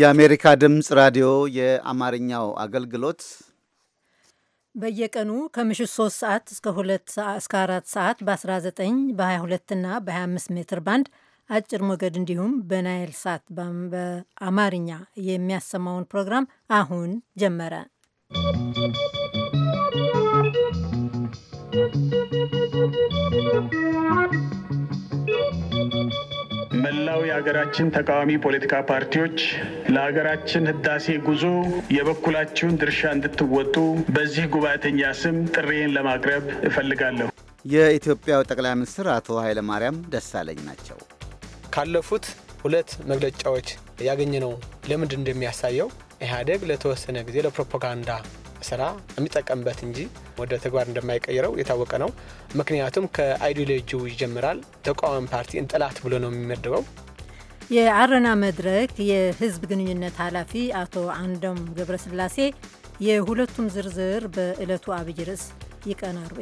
የአሜሪካ ድምፅ ራዲዮ የአማርኛው አገልግሎት በየቀኑ ከምሽት 3 ሰዓት እስከ 2 እስከ 4 ሰዓት በ19 በ22 እና በ25 ሜትር ባንድ አጭር ሞገድ እንዲሁም በናይል ሳት በአማርኛ የሚያሰማውን ፕሮግራም አሁን ጀመረ። መላው የሀገራችን ተቃዋሚ ፖለቲካ ፓርቲዎች ለሀገራችን ህዳሴ ጉዞ የበኩላችሁን ድርሻ እንድትወጡ በዚህ ጉባኤተኛ ስም ጥሬን ለማቅረብ እፈልጋለሁ። የኢትዮጵያው ጠቅላይ ሚኒስትር አቶ ኃይለማርያም ደሳለኝ ናቸው። ካለፉት ሁለት መግለጫዎች ያገኘነው ልምድ እንደሚያሳየው ኢህአዴግ ለተወሰነ ጊዜ ለፕሮፓጋንዳ ስራ የሚጠቀምበት እንጂ ወደ ተግባር እንደማይቀይረው የታወቀ ነው። ምክንያቱም ከአይዲዮሎጂው ይጀምራል። ተቃዋሚ ፓርቲ ጠላት ብሎ ነው የሚመድበው። የአረና መድረክ የህዝብ ግንኙነት ኃላፊ አቶ አንደም ገብረስላሴ የሁለቱም ዝርዝር በዕለቱ አብይ ርዕስ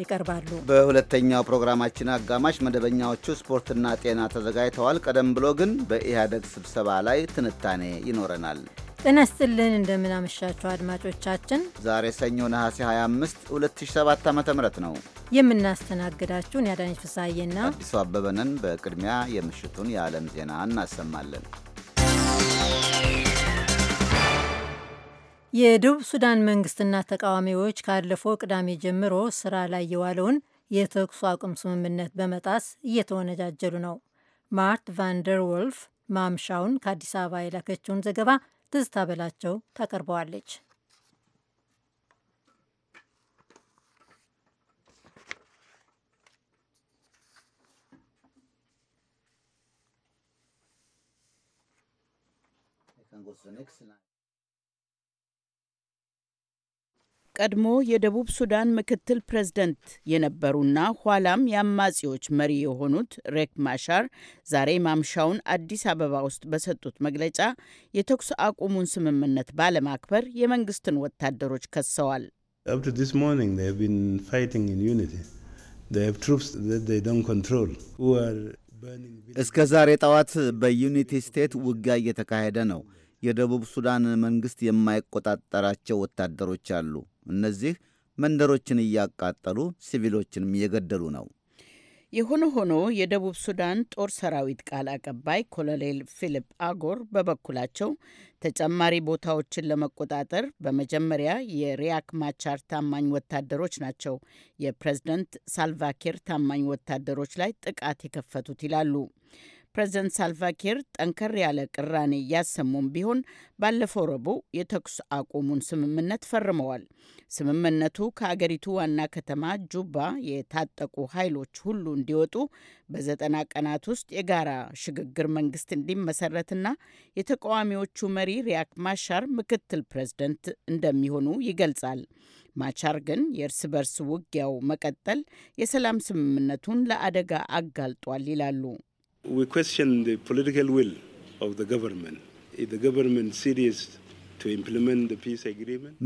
ይቀርባሉ። በሁለተኛው ፕሮግራማችን አጋማሽ መደበኛዎቹ ስፖርትና ጤና ተዘጋጅተዋል። ቀደም ብሎ ግን በኢህአደግ ስብሰባ ላይ ትንታኔ ይኖረናል። ጤና ይስጥልን እንደምናመሻችሁ አድማጮቻችን። ዛሬ ሰኞ ነሐሴ 25 2007 ዓ ም ነው የምናስተናግዳችሁን የአዳነች ፍሳዬና አዲሱ አበበንን። በቅድሚያ የምሽቱን የዓለም ዜና እናሰማለን። የደቡብ ሱዳን መንግስትና ተቃዋሚዎች ካለፈው ቅዳሜ ጀምሮ ስራ ላይ የዋለውን የተኩስ አቁም ስምምነት በመጣስ እየተወነጃጀሉ ነው። ማርት ቫንደር ወልፍ ማምሻውን ከአዲስ አበባ የላከችውን ዘገባ ትዝታ በላቸው ታቀርበዋለች። የቀድሞ የደቡብ ሱዳን ምክትል ፕሬዝደንት የነበሩና ኋላም የአማጺዎች መሪ የሆኑት ሬክ ማሻር ዛሬ ማምሻውን አዲስ አበባ ውስጥ በሰጡት መግለጫ የተኩስ አቁሙን ስምምነት ባለማክበር የመንግስትን ወታደሮች ከሰዋል። እስከ ዛሬ ጠዋት በዩኒቲ ስቴት ውጊያ እየተካሄደ ነው። የደቡብ ሱዳን መንግስት የማይቆጣጠራቸው ወታደሮች አሉ። እነዚህ መንደሮችን እያቃጠሉ ሲቪሎችንም እየገደሉ ነው። የሆነ ሆኖ የደቡብ ሱዳን ጦር ሰራዊት ቃል አቀባይ ኮሎኔል ፊሊፕ አጎር በበኩላቸው ተጨማሪ ቦታዎችን ለመቆጣጠር በመጀመሪያ የሪያክ ማቻር ታማኝ ወታደሮች ናቸው የፕሬዝደንት ሳልቫኪር ታማኝ ወታደሮች ላይ ጥቃት የከፈቱት ይላሉ። ፕሬዚደንት ሳልቫኪር ጠንከር ያለ ቅራኔ እያሰሙም ቢሆን ባለፈው ረቡዕ የተኩስ አቁሙን ስምምነት ፈርመዋል። ስምምነቱ ከአገሪቱ ዋና ከተማ ጁባ የታጠቁ ኃይሎች ሁሉ እንዲወጡ፣ በዘጠና ቀናት ውስጥ የጋራ ሽግግር መንግስት እንዲመሰረትና የተቃዋሚዎቹ መሪ ሪያክ ማሻር ምክትል ፕሬዝደንት እንደሚሆኑ ይገልጻል። ማቻር ግን የእርስ በርስ ውጊያው መቀጠል የሰላም ስምምነቱን ለአደጋ አጋልጧል ይላሉ። We question the political will of the government. If the government serious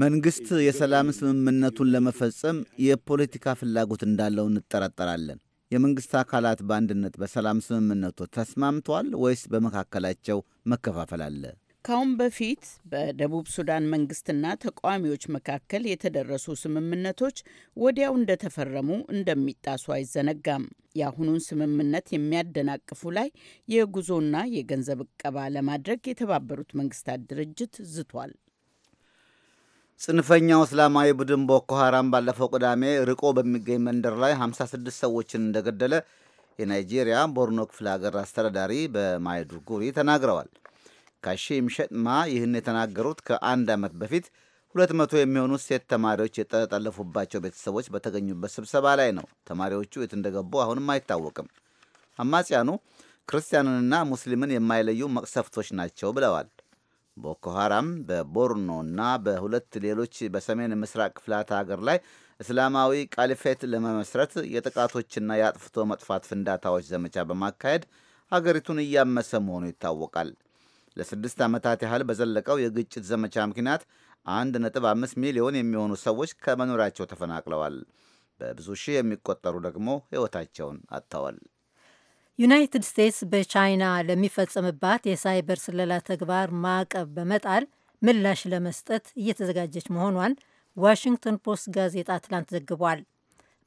መንግስት የሰላም ስምምነቱን ለመፈጸም የፖለቲካ ፍላጎት እንዳለው እንጠራጠራለን። የመንግስት አካላት በአንድነት በሰላም ስምምነቱ ተስማምተዋል ወይስ በመካከላቸው መከፋፈል አለ? ካሁን በፊት በደቡብ ሱዳን መንግስትና ተቃዋሚዎች መካከል የተደረሱ ስምምነቶች ወዲያው እንደተፈረሙ እንደሚጣሱ አይዘነጋም። የአሁኑን ስምምነት የሚያደናቅፉ ላይ የጉዞና የገንዘብ እቀባ ለማድረግ የተባበሩት መንግስታት ድርጅት ዝቷል። ጽንፈኛው እስላማዊ ቡድን ቦኮ ሀራም ባለፈው ቅዳሜ ርቆ በሚገኝ መንደር ላይ 56 ሰዎችን እንደገደለ የናይጄሪያ ቦርኖ ክፍለ ሀገር አስተዳዳሪ በማይዱጉሪ ተናግረዋል። ጋካሼ ይምሸጥማ ይህን የተናገሩት ከአንድ ዓመት በፊት ሁለት መቶ የሚሆኑ ሴት ተማሪዎች የተጠለፉባቸው ቤተሰቦች በተገኙበት ስብሰባ ላይ ነው። ተማሪዎቹ የት እንደገቡ አሁንም አይታወቅም። አማጽያኑ ክርስቲያንንና ሙስሊምን የማይለዩ መቅሰፍቶች ናቸው ብለዋል። ቦኮ ሐራም በቦርኖ እና በሁለት ሌሎች በሰሜን ምስራቅ ክፍላተ ሀገር ላይ እስላማዊ ቃሊፌት ለመመስረት የጥቃቶችና የአጥፍቶ መጥፋት ፍንዳታዎች ዘመቻ በማካሄድ ሀገሪቱን እያመሰ መሆኑ ይታወቃል። ለስድስት ዓመታት ያህል በዘለቀው የግጭት ዘመቻ ምክንያት 1.5 ሚሊዮን የሚሆኑ ሰዎች ከመኖሪያቸው ተፈናቅለዋል። በብዙ ሺህ የሚቆጠሩ ደግሞ ሕይወታቸውን አጥተዋል። ዩናይትድ ስቴትስ በቻይና ለሚፈጸምባት የሳይበር ስለላ ተግባር ማዕቀብ በመጣል ምላሽ ለመስጠት እየተዘጋጀች መሆኗን ዋሽንግተን ፖስት ጋዜጣ ትላንት ዘግቧል።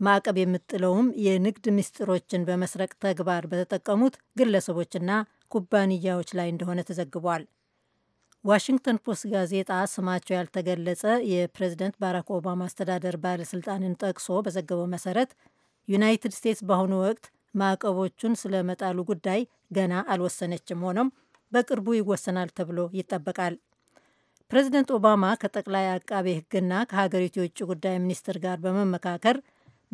ማዕቀብ የምጥለውም የንግድ ምስጢሮችን በመስረቅ ተግባር በተጠቀሙት ግለሰቦችና ኩባንያዎች ላይ እንደሆነ ተዘግቧል። ዋሽንግተን ፖስት ጋዜጣ ስማቸው ያልተገለጸ የፕሬዝደንት ባራክ ኦባማ አስተዳደር ባለስልጣንን ጠቅሶ በዘገበው መሰረት ዩናይትድ ስቴትስ በአሁኑ ወቅት ማዕቀቦቹን ስለመጣሉ ጉዳይ ገና አልወሰነችም። ሆኖም በቅርቡ ይወሰናል ተብሎ ይጠበቃል። ፕሬዝደንት ኦባማ ከጠቅላይ አቃቤ ሕግና ከሀገሪቱ የውጭ ጉዳይ ሚኒስትር ጋር በመመካከር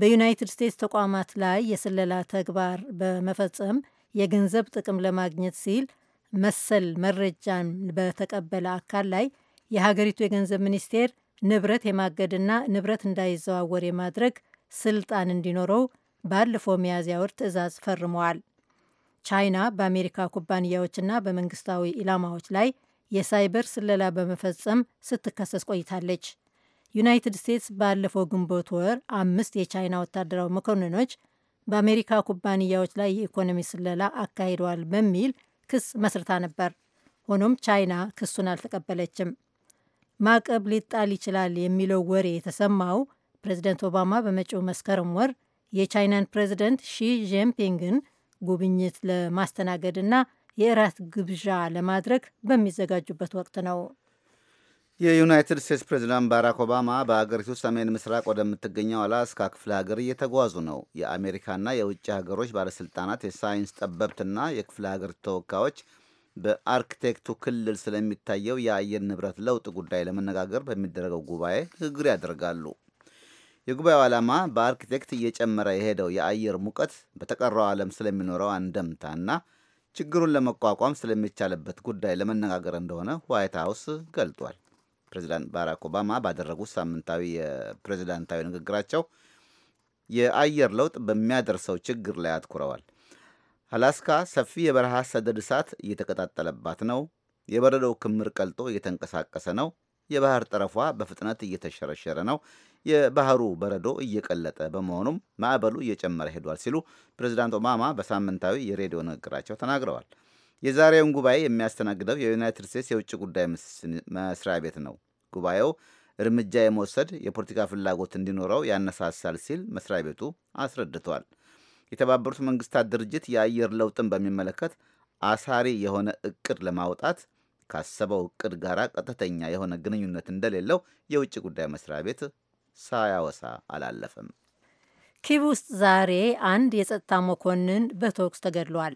በዩናይትድ ስቴትስ ተቋማት ላይ የስለላ ተግባር በመፈጸም የገንዘብ ጥቅም ለማግኘት ሲል መሰል መረጃን በተቀበለ አካል ላይ የሀገሪቱ የገንዘብ ሚኒስቴር ንብረት የማገድና ንብረት እንዳይዘዋወር የማድረግ ስልጣን እንዲኖረው ባለፈው ሚያዝያ ወር ትዕዛዝ ፈርመዋል። ቻይና በአሜሪካ ኩባንያዎችና በመንግስታዊ ኢላማዎች ላይ የሳይበር ስለላ በመፈጸም ስትከሰስ ቆይታለች። ዩናይትድ ስቴትስ ባለፈው ግንቦት ወር አምስት የቻይና ወታደራዊ መኮንኖች በአሜሪካ ኩባንያዎች ላይ የኢኮኖሚ ስለላ አካሂደዋል በሚል ክስ መስርታ ነበር። ሆኖም ቻይና ክሱን አልተቀበለችም። ማዕቀብ ሊጣል ይችላል የሚለው ወሬ የተሰማው ፕሬዚደንት ኦባማ በመጪው መስከረም ወር የቻይናን ፕሬዚደንት ሺ ጂንፒንግን ጉብኝት ለማስተናገድና የእራት ግብዣ ለማድረግ በሚዘጋጁበት ወቅት ነው። የዩናይትድ ስቴትስ ፕሬዚዳንት ባራክ ኦባማ በአገሪቱ ሰሜን ምስራቅ ወደምትገኘው አላስካ ክፍለ ሀገር እየተጓዙ ነው። የአሜሪካና የውጭ ሀገሮች ባለሥልጣናት፣ የሳይንስ ጠበብትና የክፍለ ሀገር ተወካዮች በአርክቴክቱ ክልል ስለሚታየው የአየር ንብረት ለውጥ ጉዳይ ለመነጋገር በሚደረገው ጉባኤ ንግግር ያደርጋሉ። የጉባኤው ዓላማ በአርክቴክት እየጨመረ የሄደው የአየር ሙቀት በተቀረው ዓለም ስለሚኖረው አንደምታና ችግሩን ለመቋቋም ስለሚቻልበት ጉዳይ ለመነጋገር እንደሆነ ዋይት ሀውስ ገልጧል። ፕሬዚዳንት ባራክ ኦባማ ባደረጉት ሳምንታዊ የፕሬዚዳንታዊ ንግግራቸው የአየር ለውጥ በሚያደርሰው ችግር ላይ አትኩረዋል። አላስካ ሰፊ የበረሃ ሰደድ እሳት እየተቀጣጠለባት ነው። የበረዶው ክምር ቀልጦ እየተንቀሳቀሰ ነው። የባህር ጠረፏ በፍጥነት እየተሸረሸረ ነው። የባህሩ በረዶ እየቀለጠ በመሆኑም ማዕበሉ እየጨመረ ሄዷል ሲሉ ፕሬዚዳንት ኦባማ በሳምንታዊ የሬዲዮ ንግግራቸው ተናግረዋል። የዛሬውን ጉባኤ የሚያስተናግደው የዩናይትድ ስቴትስ የውጭ ጉዳይ መስሪያ ቤት ነው። ጉባኤው እርምጃ የመውሰድ የፖለቲካ ፍላጎት እንዲኖረው ያነሳሳል ሲል መስሪያ ቤቱ አስረድቷል። የተባበሩት መንግስታት ድርጅት የአየር ለውጥን በሚመለከት አሳሪ የሆነ እቅድ ለማውጣት ካሰበው እቅድ ጋር ቀጥተኛ የሆነ ግንኙነት እንደሌለው የውጭ ጉዳይ መስሪያ ቤት ሳያወሳ አላለፈም። ኪቭ ውስጥ ዛሬ አንድ የጸጥታ መኮንን በተኩስ ተገድሏል።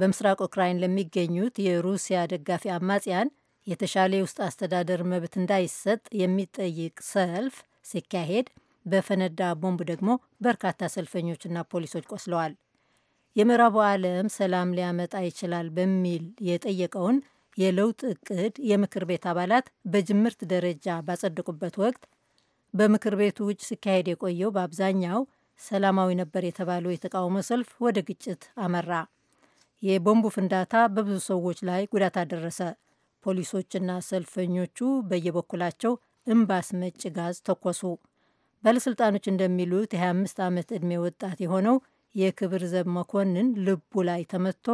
በምስራቅ ኡክራይን ለሚገኙት የሩሲያ ደጋፊ አማጽያን የተሻለ የውስጥ አስተዳደር መብት እንዳይሰጥ የሚጠይቅ ሰልፍ ሲካሄድ በፈነዳ ቦምብ ደግሞ በርካታ ሰልፈኞችና ፖሊሶች ቆስለዋል። የምዕራቡ ዓለም ሰላም ሊያመጣ ይችላል በሚል የጠየቀውን የለውጥ እቅድ የምክር ቤት አባላት በጅምርት ደረጃ ባጸደቁበት ወቅት በምክር ቤቱ ውጭ ሲካሄድ የቆየው በአብዛኛው ሰላማዊ ነበር የተባለው የተቃውሞ ሰልፍ ወደ ግጭት አመራ። የቦምቡ ፍንዳታ በብዙ ሰዎች ላይ ጉዳት አደረሰ። ፖሊሶችና ሰልፈኞቹ በየበኩላቸው እምባ አስመጪ ጋዝ ተኮሱ። ባለሥልጣኖች እንደሚሉት የ25 ዓመት ዕድሜ ወጣት የሆነው የክብር ዘብ መኮንን ልቡ ላይ ተመትቶ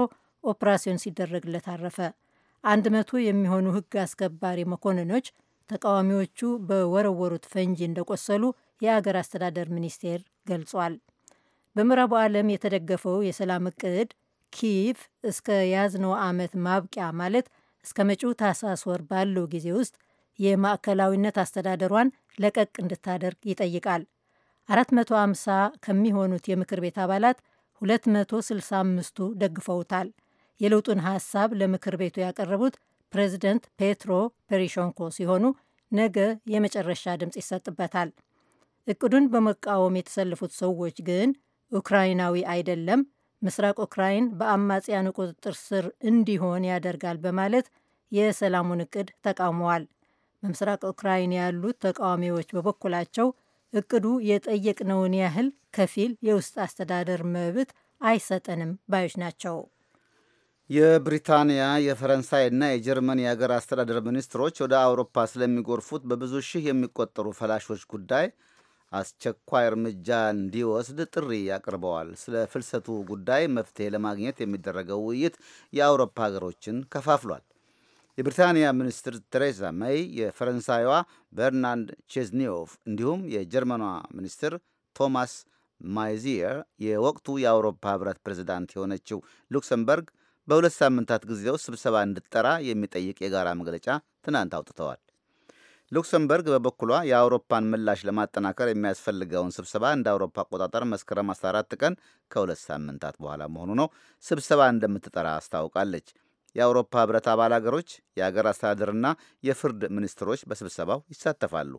ኦፕራሲዮን ሲደረግለት አረፈ። አንድ መቶ የሚሆኑ ሕግ አስከባሪ መኮንኖች ተቃዋሚዎቹ በወረወሩት ፈንጂ እንደቆሰሉ የአገር አስተዳደር ሚኒስቴር ገልጿል። በምዕራቡ ዓለም የተደገፈው የሰላም እቅድ ኪቭ እስከ ያዝነው ዓመት ማብቂያ ማለት እስከ መጪው ታህሳስ ወር ባለው ጊዜ ውስጥ የማዕከላዊነት አስተዳደሯን ለቀቅ እንድታደርግ ይጠይቃል። 450 ከሚሆኑት የምክር ቤት አባላት 265ቱ ደግፈውታል። የለውጡን ሀሳብ ለምክር ቤቱ ያቀረቡት ፕሬዚደንት ፔትሮ ፖሮሼንኮ ሲሆኑ ነገ የመጨረሻ ድምፅ ይሰጥበታል። እቅዱን በመቃወም የተሰለፉት ሰዎች ግን ኡክራይናዊ አይደለም ምስራቅ ኡክራይን በአማጽያኑ ቁጥጥር ስር እንዲሆን ያደርጋል በማለት የሰላሙን እቅድ ተቃውመዋል። በምስራቅ ኡክራይን ያሉት ተቃዋሚዎች በበኩላቸው እቅዱ የጠየቅነውን ያህል ከፊል የውስጥ አስተዳደር መብት አይሰጠንም ባዮች ናቸው። የብሪታንያ የፈረንሳይና የጀርመን የአገር አስተዳደር ሚኒስትሮች ወደ አውሮፓ ስለሚጎርፉት በብዙ ሺህ የሚቆጠሩ ፈላሾች ጉዳይ አስቸኳይ እርምጃ እንዲወስድ ጥሪ አቅርበዋል። ስለ ፍልሰቱ ጉዳይ መፍትሄ ለማግኘት የሚደረገው ውይይት የአውሮፓ ሀገሮችን ከፋፍሏል። የብሪታንያ ሚኒስትር ቴሬዛ ሜይ፣ የፈረንሳይዋ በርናንድ ቼዝኒዮቭ እንዲሁም የጀርመኗ ሚኒስትር ቶማስ ማይዚየር የወቅቱ የአውሮፓ ህብረት ፕሬዝዳንት የሆነችው ሉክሰምበርግ በሁለት ሳምንታት ጊዜ ውስጥ ስብሰባ እንድጠራ የሚጠይቅ የጋራ መግለጫ ትናንት አውጥተዋል። ሉክሰምበርግ በበኩሏ የአውሮፓን ምላሽ ለማጠናከር የሚያስፈልገውን ስብሰባ እንደ አውሮፓ አቆጣጠር መስከረም 14 ቀን ከሁለት ሳምንታት በኋላ መሆኑ ነው ስብሰባ እንደምትጠራ አስታውቃለች። የአውሮፓ ህብረት አባል አገሮች የአገር አስተዳደርና የፍርድ ሚኒስትሮች በስብሰባው ይሳተፋሉ።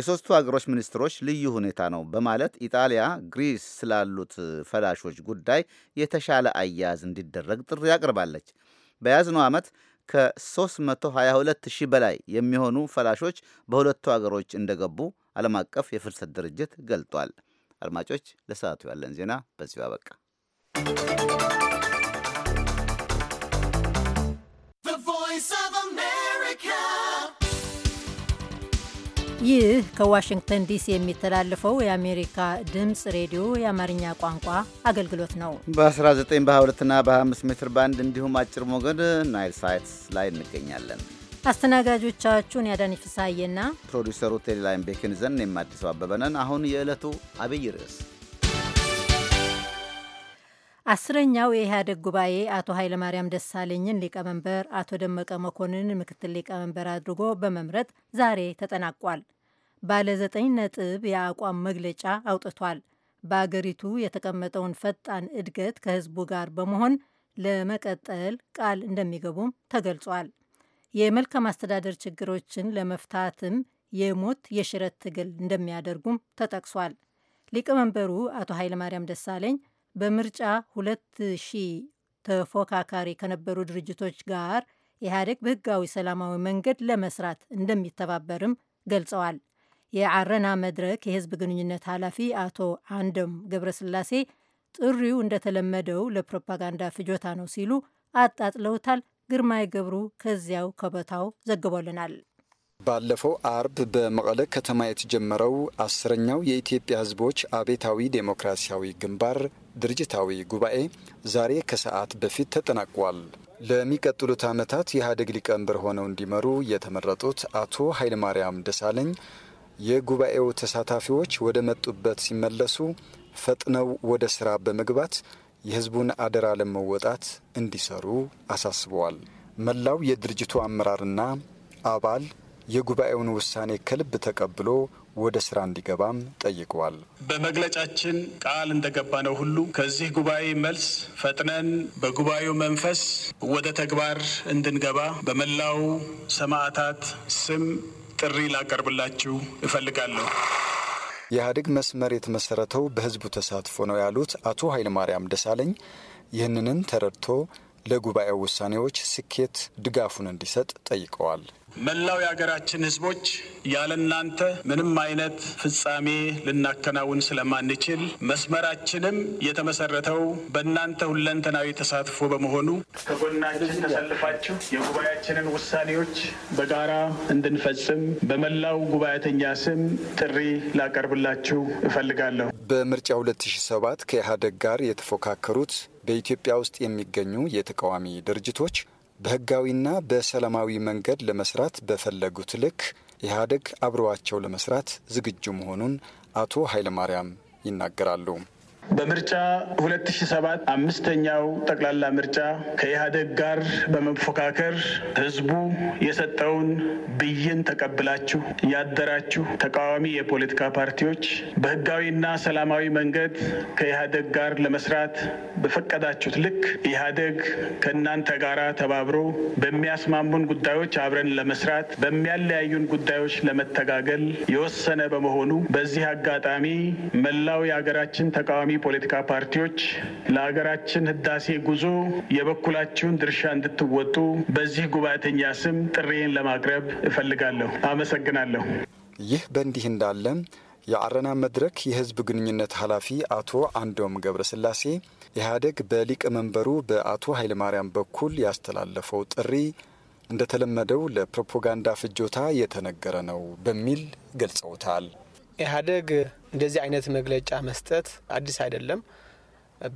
የሦስቱ አገሮች ሚኒስትሮች ልዩ ሁኔታ ነው በማለት ኢጣሊያ ግሪስ ስላሉት ፈላሾች ጉዳይ የተሻለ አያያዝ እንዲደረግ ጥሪ አቅርባለች። በያዝነው ዓመት ከ322 ሺህ በላይ የሚሆኑ ፈላሾች በሁለቱ አገሮች እንደገቡ ዓለም አቀፍ የፍልሰት ድርጅት ገልጧል። አድማጮች፣ ለሰዓቱ ያለን ዜና በዚሁ አበቃ። ይህ ከዋሽንግተን ዲሲ የሚተላለፈው የአሜሪካ ድምፅ ሬዲዮ የአማርኛ ቋንቋ አገልግሎት ነው። በ19 በ22ና በ25 ሜትር ባንድ እንዲሁም አጭር ሞገድ ናይል ሳይትስ ላይ እንገኛለን። አስተናጋጆቻችሁን ያዳኒ ፍሳዬና ፕሮዲሰሩ ቴሌላይን ቤክን ዘን እኔም አዲሱ አበበ ነን። አሁን የዕለቱ አብይ ርዕስ አስረኛው የኢህአዴግ ጉባኤ አቶ ኃይለማርያም ደሳለኝን ሊቀመንበር፣ አቶ ደመቀ መኮንንን ምክትል ሊቀመንበር አድርጎ በመምረጥ ዛሬ ተጠናቋል። ባለ ዘጠኝ ነጥብ የአቋም መግለጫ አውጥቷል። በአገሪቱ የተቀመጠውን ፈጣን እድገት ከህዝቡ ጋር በመሆን ለመቀጠል ቃል እንደሚገቡም ተገልጿል። የመልካም አስተዳደር ችግሮችን ለመፍታትም የሞት የሽረት ትግል እንደሚያደርጉም ተጠቅሷል። ሊቀመንበሩ አቶ ኃይለማርያም ደሳለኝ በምርጫ ሁለት ሺህ ተፎካካሪ ከነበሩ ድርጅቶች ጋር ኢህአዴግ በህጋዊ ሰላማዊ መንገድ ለመስራት እንደሚተባበርም ገልጸዋል። የአረና መድረክ የህዝብ ግንኙነት ኃላፊ አቶ አንደም ገብረስላሴ ጥሪው እንደተለመደው ለፕሮፓጋንዳ ፍጆታ ነው ሲሉ አጣጥለውታል። ግርማይ ገብሩ ከዚያው ከቦታው ዘግቦልናል። ባለፈው አርብ በመቀለ ከተማ የተጀመረው አስረኛው የኢትዮጵያ ህዝቦች አቤታዊ ዴሞክራሲያዊ ግንባር ድርጅታዊ ጉባኤ ዛሬ ከሰዓት በፊት ተጠናቋል። ለሚቀጥሉት ዓመታት የኢህአዴግ ሊቀመንበር ሆነው እንዲመሩ የተመረጡት አቶ ኃይለማርያም ደሳለኝ የጉባኤው ተሳታፊዎች ወደ መጡበት ሲመለሱ ፈጥነው ወደ ስራ በመግባት የህዝቡን አደራ ለመወጣት እንዲሰሩ አሳስበዋል። መላው የድርጅቱ አመራርና አባል የጉባኤውን ውሳኔ ከልብ ተቀብሎ ወደ ስራ እንዲገባም ጠይቀዋል። በመግለጫችን ቃል እንደገባ ነው ሁሉ ከዚህ ጉባኤ መልስ ፈጥነን በጉባኤው መንፈስ ወደ ተግባር እንድንገባ በመላው ሰማዕታት ስም ጥሪ ላቀርብላችሁ እፈልጋለሁ። የኢህአዴግ መስመር የተመሰረተው በህዝቡ ተሳትፎ ነው ያሉት አቶ ኃይለማርያም ደሳለኝ ይህንንን ተረድቶ ለጉባኤው ውሳኔዎች ስኬት ድጋፉን እንዲሰጥ ጠይቀዋል። መላው የሀገራችን ህዝቦች ያለ እናንተ ምንም አይነት ፍጻሜ ልናከናውን ስለማንችል መስመራችንም የተመሰረተው በእናንተ ሁለንተናዊ ተሳትፎ በመሆኑ ከጎናችን ተሰልፋችሁ የጉባኤያችንን ውሳኔዎች በጋራ እንድንፈጽም በመላው ጉባኤተኛ ስም ጥሪ ላቀርብላችሁ እፈልጋለሁ። በምርጫ 2007 ከኢህአዴግ ጋር የተፎካከሩት በኢትዮጵያ ውስጥ የሚገኙ የተቃዋሚ ድርጅቶች በህጋዊና በሰላማዊ መንገድ ለመስራት በፈለጉት ልክ ኢህአዴግ አብረዋቸው ለመስራት ዝግጁ መሆኑን አቶ ኃይለማርያም ይናገራሉ። በምርጫ 2007 አምስተኛው ጠቅላላ ምርጫ ከኢህአደግ ጋር በመፎካከር ህዝቡ የሰጠውን ብይን ተቀብላችሁ ያደራችሁ ተቃዋሚ የፖለቲካ ፓርቲዎች በህጋዊና ሰላማዊ መንገድ ከኢህአደግ ጋር ለመስራት በፈቀዳችሁት ልክ ኢህአደግ ከእናንተ ጋራ ተባብሮ በሚያስማሙን ጉዳዮች አብረን ለመስራት፣ በሚያለያዩን ጉዳዮች ለመተጋገል የወሰነ በመሆኑ በዚህ አጋጣሚ መላው የሀገራችን ተቃዋሚ ተቃዋሚ ፖለቲካ ፓርቲዎች ለሀገራችን ህዳሴ ጉዞ የበኩላችሁን ድርሻ እንድትወጡ በዚህ ጉባኤተኛ ስም ጥሬን ለማቅረብ እፈልጋለሁ። አመሰግናለሁ። ይህ በእንዲህ እንዳለ የአረና መድረክ የህዝብ ግንኙነት ኃላፊ አቶ አንዶም ገብረስላሴ ኢህአዴግ በሊቀመንበሩ በአቶ ኃይለማርያም በኩል ያስተላለፈው ጥሪ እንደተለመደው ለፕሮፓጋንዳ ፍጆታ የተነገረ ነው በሚል ገልጸውታል። ኢህአዴግ እንደዚህ አይነት መግለጫ መስጠት አዲስ አይደለም።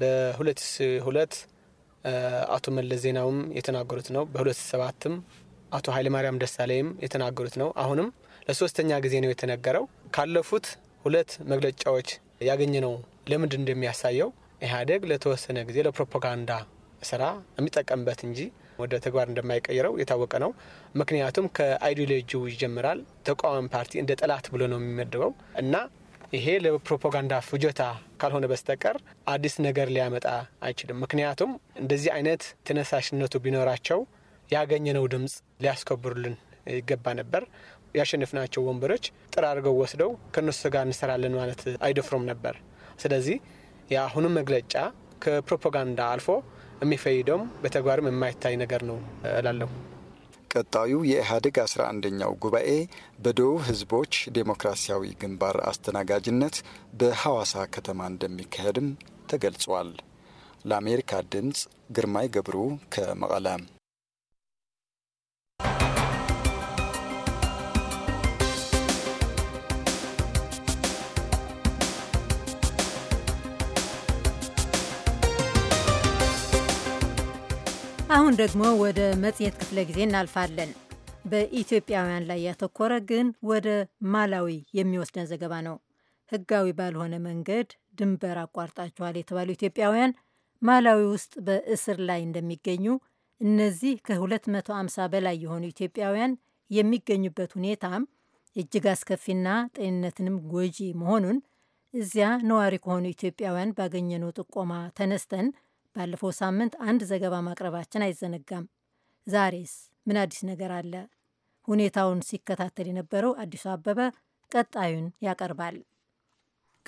በ ሺ ሁለት አቶ መለስ ዜናውም የተናገሩት ነው። በ ሺ አቶ ኃይለማርያም ደሳለኝም የተናገሩት ነው። አሁንም ለሶስተኛ ጊዜ ነው የተነገረው። ካለፉት ሁለት መግለጫዎች ያገኘ ነው ለምንድ እንደሚያሳየው ኢህአዴግ ለተወሰነ ጊዜ ለፕሮፓጋንዳ ስራ የሚጠቀምበት እንጂ ወደ ተግባር እንደማይቀይረው የታወቀ ነው። ምክንያቱም ከአይዲዮሎጂው ይጀምራል። ተቃዋሚ ፓርቲ እንደ ጠላት ብሎ ነው የሚመድበው እና ይሄ ለፕሮፓጋንዳ ፍጆታ ካልሆነ በስተቀር አዲስ ነገር ሊያመጣ አይችልም። ምክንያቱም እንደዚህ አይነት ተነሳሽነቱ ቢኖራቸው ያገኘነው ድምፅ ሊያስከብሩልን ይገባ ነበር። ያሸንፍናቸው ወንበሮች ጥር አድርገው ወስደው ከእነሱ ጋር እንሰራለን ማለት አይደፍሩም ነበር። ስለዚህ የአሁኑ መግለጫ ከፕሮፓጋንዳ አልፎ የሚፈይደውም በተግባርም የማይታይ ነገር ነው እላለሁ። ቀጣዩ የኢህአዴግ አስራ አንደኛው ጉባኤ በደቡብ ህዝቦች ዴሞክራሲያዊ ግንባር አስተናጋጅነት በሐዋሳ ከተማ እንደሚካሄድም ተገልጿል። ለአሜሪካ ድምፅ ግርማይ ገብሩ ከመቐለም አሁን ደግሞ ወደ መጽሔት ክፍለ ጊዜ እናልፋለን። በኢትዮጵያውያን ላይ ያተኮረ ግን ወደ ማላዊ የሚወስደን ዘገባ ነው። ህጋዊ ባልሆነ መንገድ ድንበር አቋርጣችኋል የተባሉ ኢትዮጵያውያን ማላዊ ውስጥ በእስር ላይ እንደሚገኙ፣ እነዚህ ከ250 በላይ የሆኑ ኢትዮጵያውያን የሚገኙበት ሁኔታም እጅግ አስከፊና ጤንነትንም ጎጂ መሆኑን እዚያ ነዋሪ ከሆኑ ኢትዮጵያውያን ባገኘነው ጥቆማ ተነስተን ባለፈው ሳምንት አንድ ዘገባ ማቅረባችን አይዘነጋም። ዛሬስ ምን አዲስ ነገር አለ? ሁኔታውን ሲከታተል የነበረው አዲሱ አበበ ቀጣዩን ያቀርባል።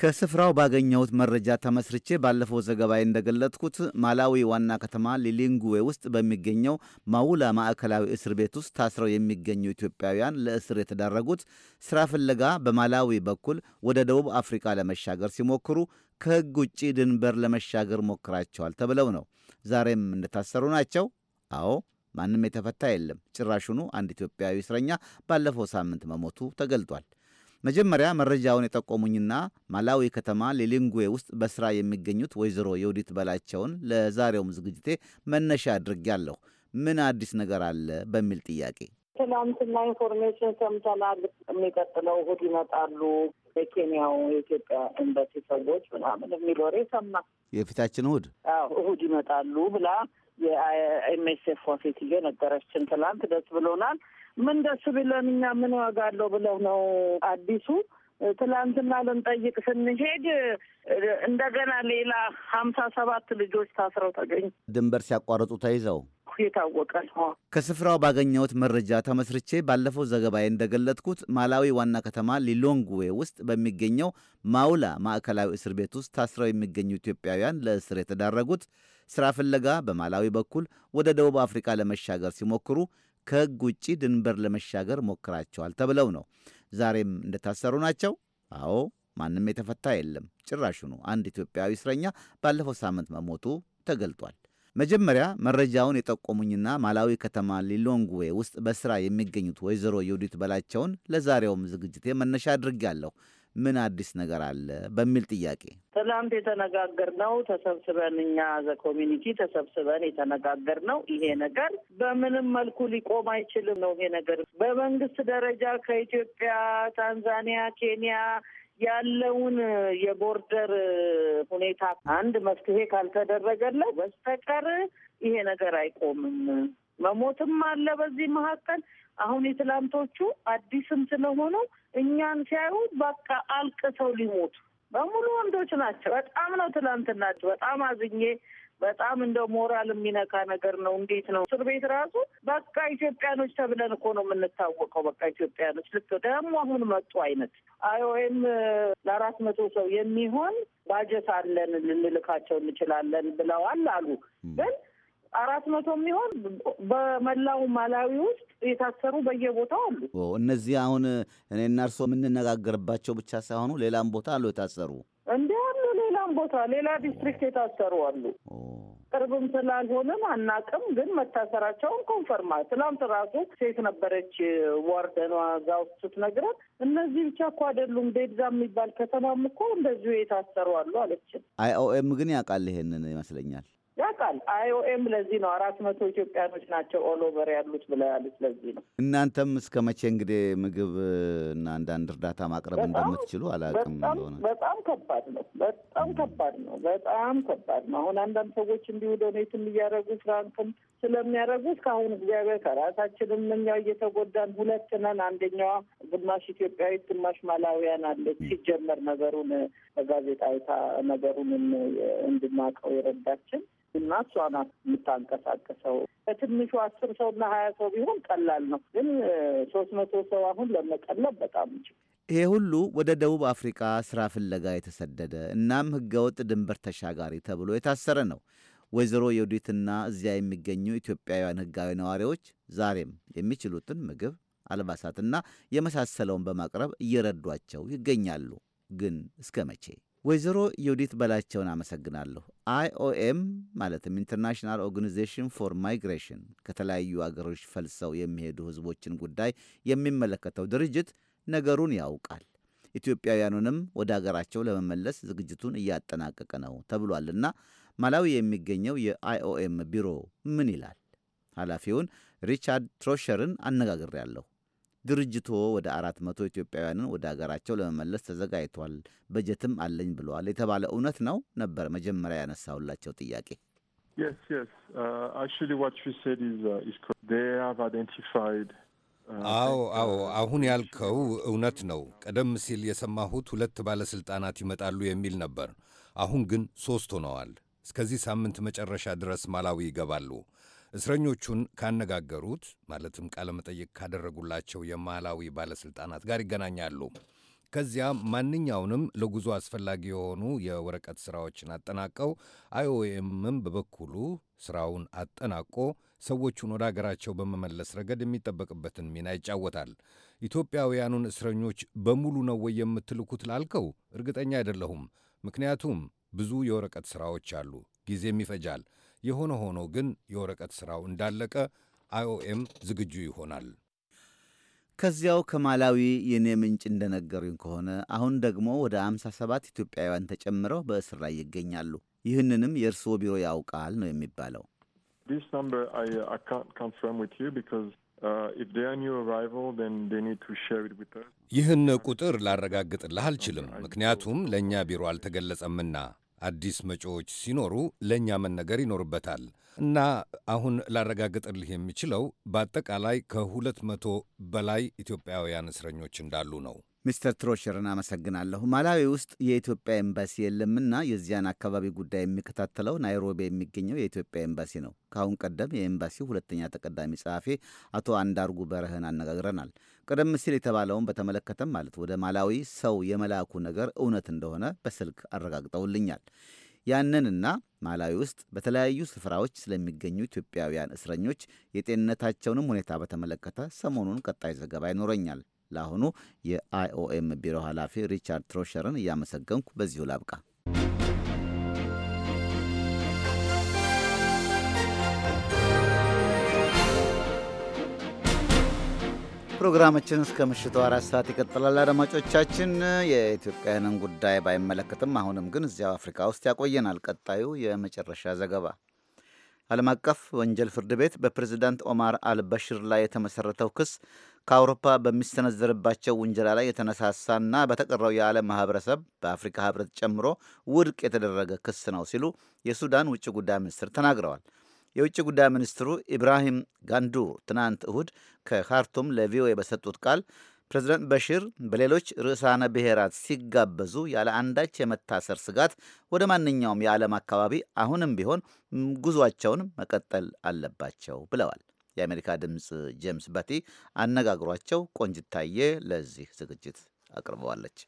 ከስፍራው ባገኘሁት መረጃ ተመስርቼ ባለፈው ዘገባዬ እንደገለጥኩት ማላዊ ዋና ከተማ ሊሊንጉዌ ውስጥ በሚገኘው ማውላ ማዕከላዊ እስር ቤት ውስጥ ታስረው የሚገኙ ኢትዮጵያውያን ለእስር የተዳረጉት ስራ ፍለጋ በማላዊ በኩል ወደ ደቡብ አፍሪካ ለመሻገር ሲሞክሩ ከሕግ ውጭ ድንበር ለመሻገር ሞክራቸዋል ተብለው ነው። ዛሬም እንደታሰሩ ናቸው። አዎ ማንም የተፈታ የለም። ጭራሹኑ አንድ ኢትዮጵያዊ እስረኛ ባለፈው ሳምንት መሞቱ ተገልጧል። መጀመሪያ መረጃውን የጠቆሙኝና ማላዊ ከተማ ሊሊንጉዌ ውስጥ በሥራ የሚገኙት ወይዘሮ የውዲት በላቸውን ለዛሬውም ዝግጅቴ መነሻ አድርጌያለሁ። ምን አዲስ ነገር አለ በሚል ጥያቄ ትናንትና ኢንፎርሜሽን ሰምተናል። የሚቀጥለው እሑድ ይመጣሉ የኬንያው የኢትዮጵያ ኤምባሲ ሰዎች ምናምን የሚል ወሬ ሰማ። የፊታችን እሑድ እሑድ ይመጣሉ ብላ የኤምኤስኤፍ ሴትዮ ነገረችን። ትላንት ደስ ብሎናል። ምን ደስ ብለን እኛ ምን ዋጋ አለው ብለው ነው አዲሱ ትላንትና ልንጠይቅ ስንሄድ እንደገና ሌላ ሀምሳ ሰባት ልጆች ታስረው ተገኙ። ድንበር ሲያቋርጡ ተይዘው የታወቀ ነው። ከስፍራው ባገኘሁት መረጃ ተመስርቼ ባለፈው ዘገባዬ እንደገለጥኩት ማላዊ ዋና ከተማ ሊሎንግዌ ውስጥ በሚገኘው ማውላ ማዕከላዊ እስር ቤት ውስጥ ታስረው የሚገኙ ኢትዮጵያውያን ለእስር የተዳረጉት ስራ ፍለጋ በማላዊ በኩል ወደ ደቡብ አፍሪካ ለመሻገር ሲሞክሩ ከሕግ ውጪ ድንበር ለመሻገር ሞክራቸዋል ተብለው ነው ዛሬም እንደታሰሩ ናቸው። አዎ ማንም የተፈታ የለም። ጭራሹኑ አንድ ኢትዮጵያዊ እስረኛ ባለፈው ሳምንት መሞቱ ተገልጧል። መጀመሪያ መረጃውን የጠቆሙኝና ማላዊ ከተማ ሊሎንግዌ ውስጥ በስራ የሚገኙት ወይዘሮ የውዲት በላቸውን ለዛሬውም ዝግጅቴ መነሻ አድርጌያለሁ። ምን አዲስ ነገር አለ በሚል ጥያቄ ትናንት የተነጋገርነው ተሰብስበን እኛ ዘ ኮሚኒቲ ተሰብስበን የተነጋገርነው ይሄ ነገር በምንም መልኩ ሊቆም አይችልም ነው። ይሄ ነገር በመንግስት ደረጃ ከኢትዮጵያ፣ ታንዛኒያ፣ ኬንያ ያለውን የቦርደር ሁኔታ አንድ መፍትሄ ካልተደረገለት በስተቀር ይሄ ነገር አይቆምም መሞትም አለ በዚህ መካከል። አሁን የትላንቶቹ አዲስም ስለሆኑ እኛን ሲያዩ በቃ ሰው ሊሞቱ በሙሉ ወንዶች ናቸው። በጣም ነው ትላንትና ናቸው። በጣም አዝኜ በጣም እንደ ሞራል የሚነካ ነገር ነው። እንዴት ነው እስር ቤት ራሱ በቃ ኢትዮጵያኖች ተብለን እኮ ነው የምንታወቀው። በቃ ኢትዮጵያኖች ልክ ደግሞ አሁን መጡ አይነት አይ ወይም ለአራት መቶ ሰው የሚሆን ባጀት አለን ልንልካቸው እንችላለን ብለዋል አሉ ግን አራት መቶ የሚሆን በመላው ማላዊ ውስጥ የታሰሩ በየቦታው አሉ። እነዚህ አሁን እኔና እርስዎ የምንነጋገርባቸው ብቻ ሳይሆኑ ሌላም ቦታ አሉ የታሰሩ እንዲህ አሉ። ሌላም ቦታ ሌላ ዲስትሪክት የታሰሩ አሉ። ቅርብም ስላልሆንም አናቅም፣ ግን መታሰራቸውን ኮንፈርማ ትላንት ራሱ ሴት ነበረች ዋርደኗ እዛ ውስጥ ስትነግረን እነዚህ ብቻ እኮ አይደሉም ቤድዛ የሚባል ከተማም እኮ እንደዚሁ የታሰሩ አሉ አለችን። አይኦኤም ግን ያውቃል ይሄንን ይመስለኛል ያውቃል። አይኦኤም ለዚህ ነው አራት መቶ ኢትዮጵያኖች ናቸው ኦል ኦቨር ያሉት ብለው ያሉት ለዚህ ነው። እናንተም እስከ መቼ እንግዲህ ምግብ እና አንዳንድ እርዳታ ማቅረብ እንደምትችሉ አላውቅም። በጣም ከባድ ነው። በጣም ከባድ ነው። በጣም ከባድ ነው። አሁን አንዳንድ ሰዎች እንዲሁ ዶኔትም እያደረጉ ፍራንክም ስለሚያደርጉ እስካሁን እግዚአብሔር ከራሳችንም እኛው እየተጎዳን ሁለት ነን። አንደኛዋ ግማሽ ኢትዮጵያዊት ግማሽ ማላውያን አለች። ሲጀመር ነገሩን በጋዜጣ አይታ ነገሩን እንድናውቀው የረዳችን እና እሷ ናት የምታንቀሳቀሰው። በትንሹ አስር ሰው እና ሀያ ሰው ቢሆን ቀላል ነው፣ ግን ሶስት መቶ ሰው አሁን ለመቀለብ በጣም ች ይሄ ሁሉ ወደ ደቡብ አፍሪካ ስራ ፍለጋ የተሰደደ እናም ህገወጥ ድንበር ተሻጋሪ ተብሎ የታሰረ ነው። ወይዘሮ የውዲትና እዚያ የሚገኙ ኢትዮጵያውያን ህጋዊ ነዋሪዎች ዛሬም የሚችሉትን ምግብ፣ አልባሳትና የመሳሰለውን በማቅረብ እየረዷቸው ይገኛሉ። ግን እስከ መቼ? ወይዘሮ የውዲት በላቸውን አመሰግናለሁ። አይኦኤም ማለትም ኢንተርናሽናል ኦርጋኒዜሽን ፎር ማይግሬሽን ከተለያዩ አገሮች ፈልሰው የሚሄዱ ሕዝቦችን ጉዳይ የሚመለከተው ድርጅት ነገሩን ያውቃል። ኢትዮጵያውያኑንም ወደ አገራቸው ለመመለስ ዝግጅቱን እያጠናቀቀ ነው ተብሏልና ማላዊ የሚገኘው የአይኦኤም ቢሮ ምን ይላል? ኃላፊውን ሪቻርድ ትሮሸርን አነጋግሬያለሁ። ድርጅቶ ወደ አራት መቶ ኢትዮጵያውያንን ወደ አገራቸው ለመመለስ ተዘጋጅቷል፣ በጀትም አለኝ ብለዋል የተባለ እውነት ነው ነበር መጀመሪያ ያነሳሁላቸው ጥያቄ። uh, uh, uh, አዎ አዎ፣ አሁን ያልከው እውነት ነው። ቀደም ሲል የሰማሁት ሁለት ባለሥልጣናት ይመጣሉ የሚል ነበር። አሁን ግን ሦስት ሆነዋል። እስከዚህ ሳምንት መጨረሻ ድረስ ማላዊ ይገባሉ። እስረኞቹን ካነጋገሩት ማለትም ቃለ መጠይቅ ካደረጉላቸው የማላዊ ባለሥልጣናት ጋር ይገናኛሉ። ከዚያ ማንኛውንም ለጉዞ አስፈላጊ የሆኑ የወረቀት ሥራዎችን አጠናቀው አይኦኤምም በበኩሉ ሥራውን አጠናቆ ሰዎቹን ወደ አገራቸው በመመለስ ረገድ የሚጠበቅበትን ሚና ይጫወታል። ኢትዮጵያውያኑን እስረኞች በሙሉ ነው ወይ የምትልኩት ላልከው እርግጠኛ አይደለሁም። ምክንያቱም ብዙ የወረቀት ሥራዎች አሉ፣ ጊዜም ይፈጃል። የሆነ ሆኖ ግን የወረቀት ሥራው እንዳለቀ አይኦኤም ዝግጁ ይሆናል። ከዚያው ከማላዊ የኔ ምንጭ እንደነገሩኝ ከሆነ አሁን ደግሞ ወደ 57 ኢትዮጵያውያን ተጨምረው በእስር ላይ ይገኛሉ። ይህንንም የእርስዎ ቢሮ ያውቃል ነው የሚባለው። uh, uh, ይህን ቁጥር ላረጋግጥልህ አልችልም፣ ምክንያቱም ለእኛ ቢሮ አልተገለጸምና አዲስ መጪዎች ሲኖሩ ለእኛ መነገር ይኖርበታል እና አሁን ላረጋግጥልህ የሚችለው በአጠቃላይ ከሁለት መቶ በላይ ኢትዮጵያውያን እስረኞች እንዳሉ ነው። ሚስተር ትሮሸርን አመሰግናለሁ። ማላዊ ውስጥ የኢትዮጵያ ኤምባሲ የለምና የዚያን አካባቢ ጉዳይ የሚከታተለው ናይሮቢ የሚገኘው የኢትዮጵያ ኤምባሲ ነው። ከአሁን ቀደም የኤምባሲው ሁለተኛ ተቀዳሚ ጸሐፊ አቶ አንዳርጉ በረህን አነጋግረናል። ቀደም ሲል የተባለውን በተመለከተም ማለት ወደ ማላዊ ሰው የመላኩ ነገር እውነት እንደሆነ በስልክ አረጋግጠውልኛል። ያንንና ማላዊ ውስጥ በተለያዩ ስፍራዎች ስለሚገኙ ኢትዮጵያውያን እስረኞች የጤንነታቸውንም ሁኔታ በተመለከተ ሰሞኑን ቀጣይ ዘገባ ይኖረኛል። ለአሁኑ የአይኦኤም ቢሮ ኃላፊ ሪቻርድ ትሮሸርን እያመሰገንኩ በዚሁ ላብቃ። ፕሮግራማችን እስከ ምሽቱ አራት ሰዓት ይቀጥላል። አድማጮቻችን የኢትዮጵያንን ጉዳይ ባይመለከትም አሁንም ግን እዚያው አፍሪካ ውስጥ ያቆየናል። ቀጣዩ የመጨረሻ ዘገባ ዓለም አቀፍ ወንጀል ፍርድ ቤት በፕሬዝዳንት ኦማር አልበሽር ላይ የተመሰረተው ክስ ከአውሮፓ በሚሰነዘርባቸው ውንጀላ ላይ የተነሳሳና በተቀረው የዓለም ማህበረሰብ በአፍሪካ ህብረት ጨምሮ ውድቅ የተደረገ ክስ ነው ሲሉ የሱዳን ውጭ ጉዳይ ሚኒስትር ተናግረዋል። የውጭ ጉዳይ ሚኒስትሩ ኢብራሂም ጋንዱር ትናንት እሁድ ከካርቱም ለቪኦኤ በሰጡት ቃል ፕሬዚደንት በሺር በሌሎች ርዕሳነ ብሔራት ሲጋበዙ ያለ አንዳች የመታሰር ስጋት ወደ ማንኛውም የዓለም አካባቢ አሁንም ቢሆን ጉዟቸውን መቀጠል አለባቸው ብለዋል። የአሜሪካ ድምፅ ጄምስ በቲ አነጋግሯቸው ቆንጅታየ ለዚህ ዝግጅት አቅርበዋለች።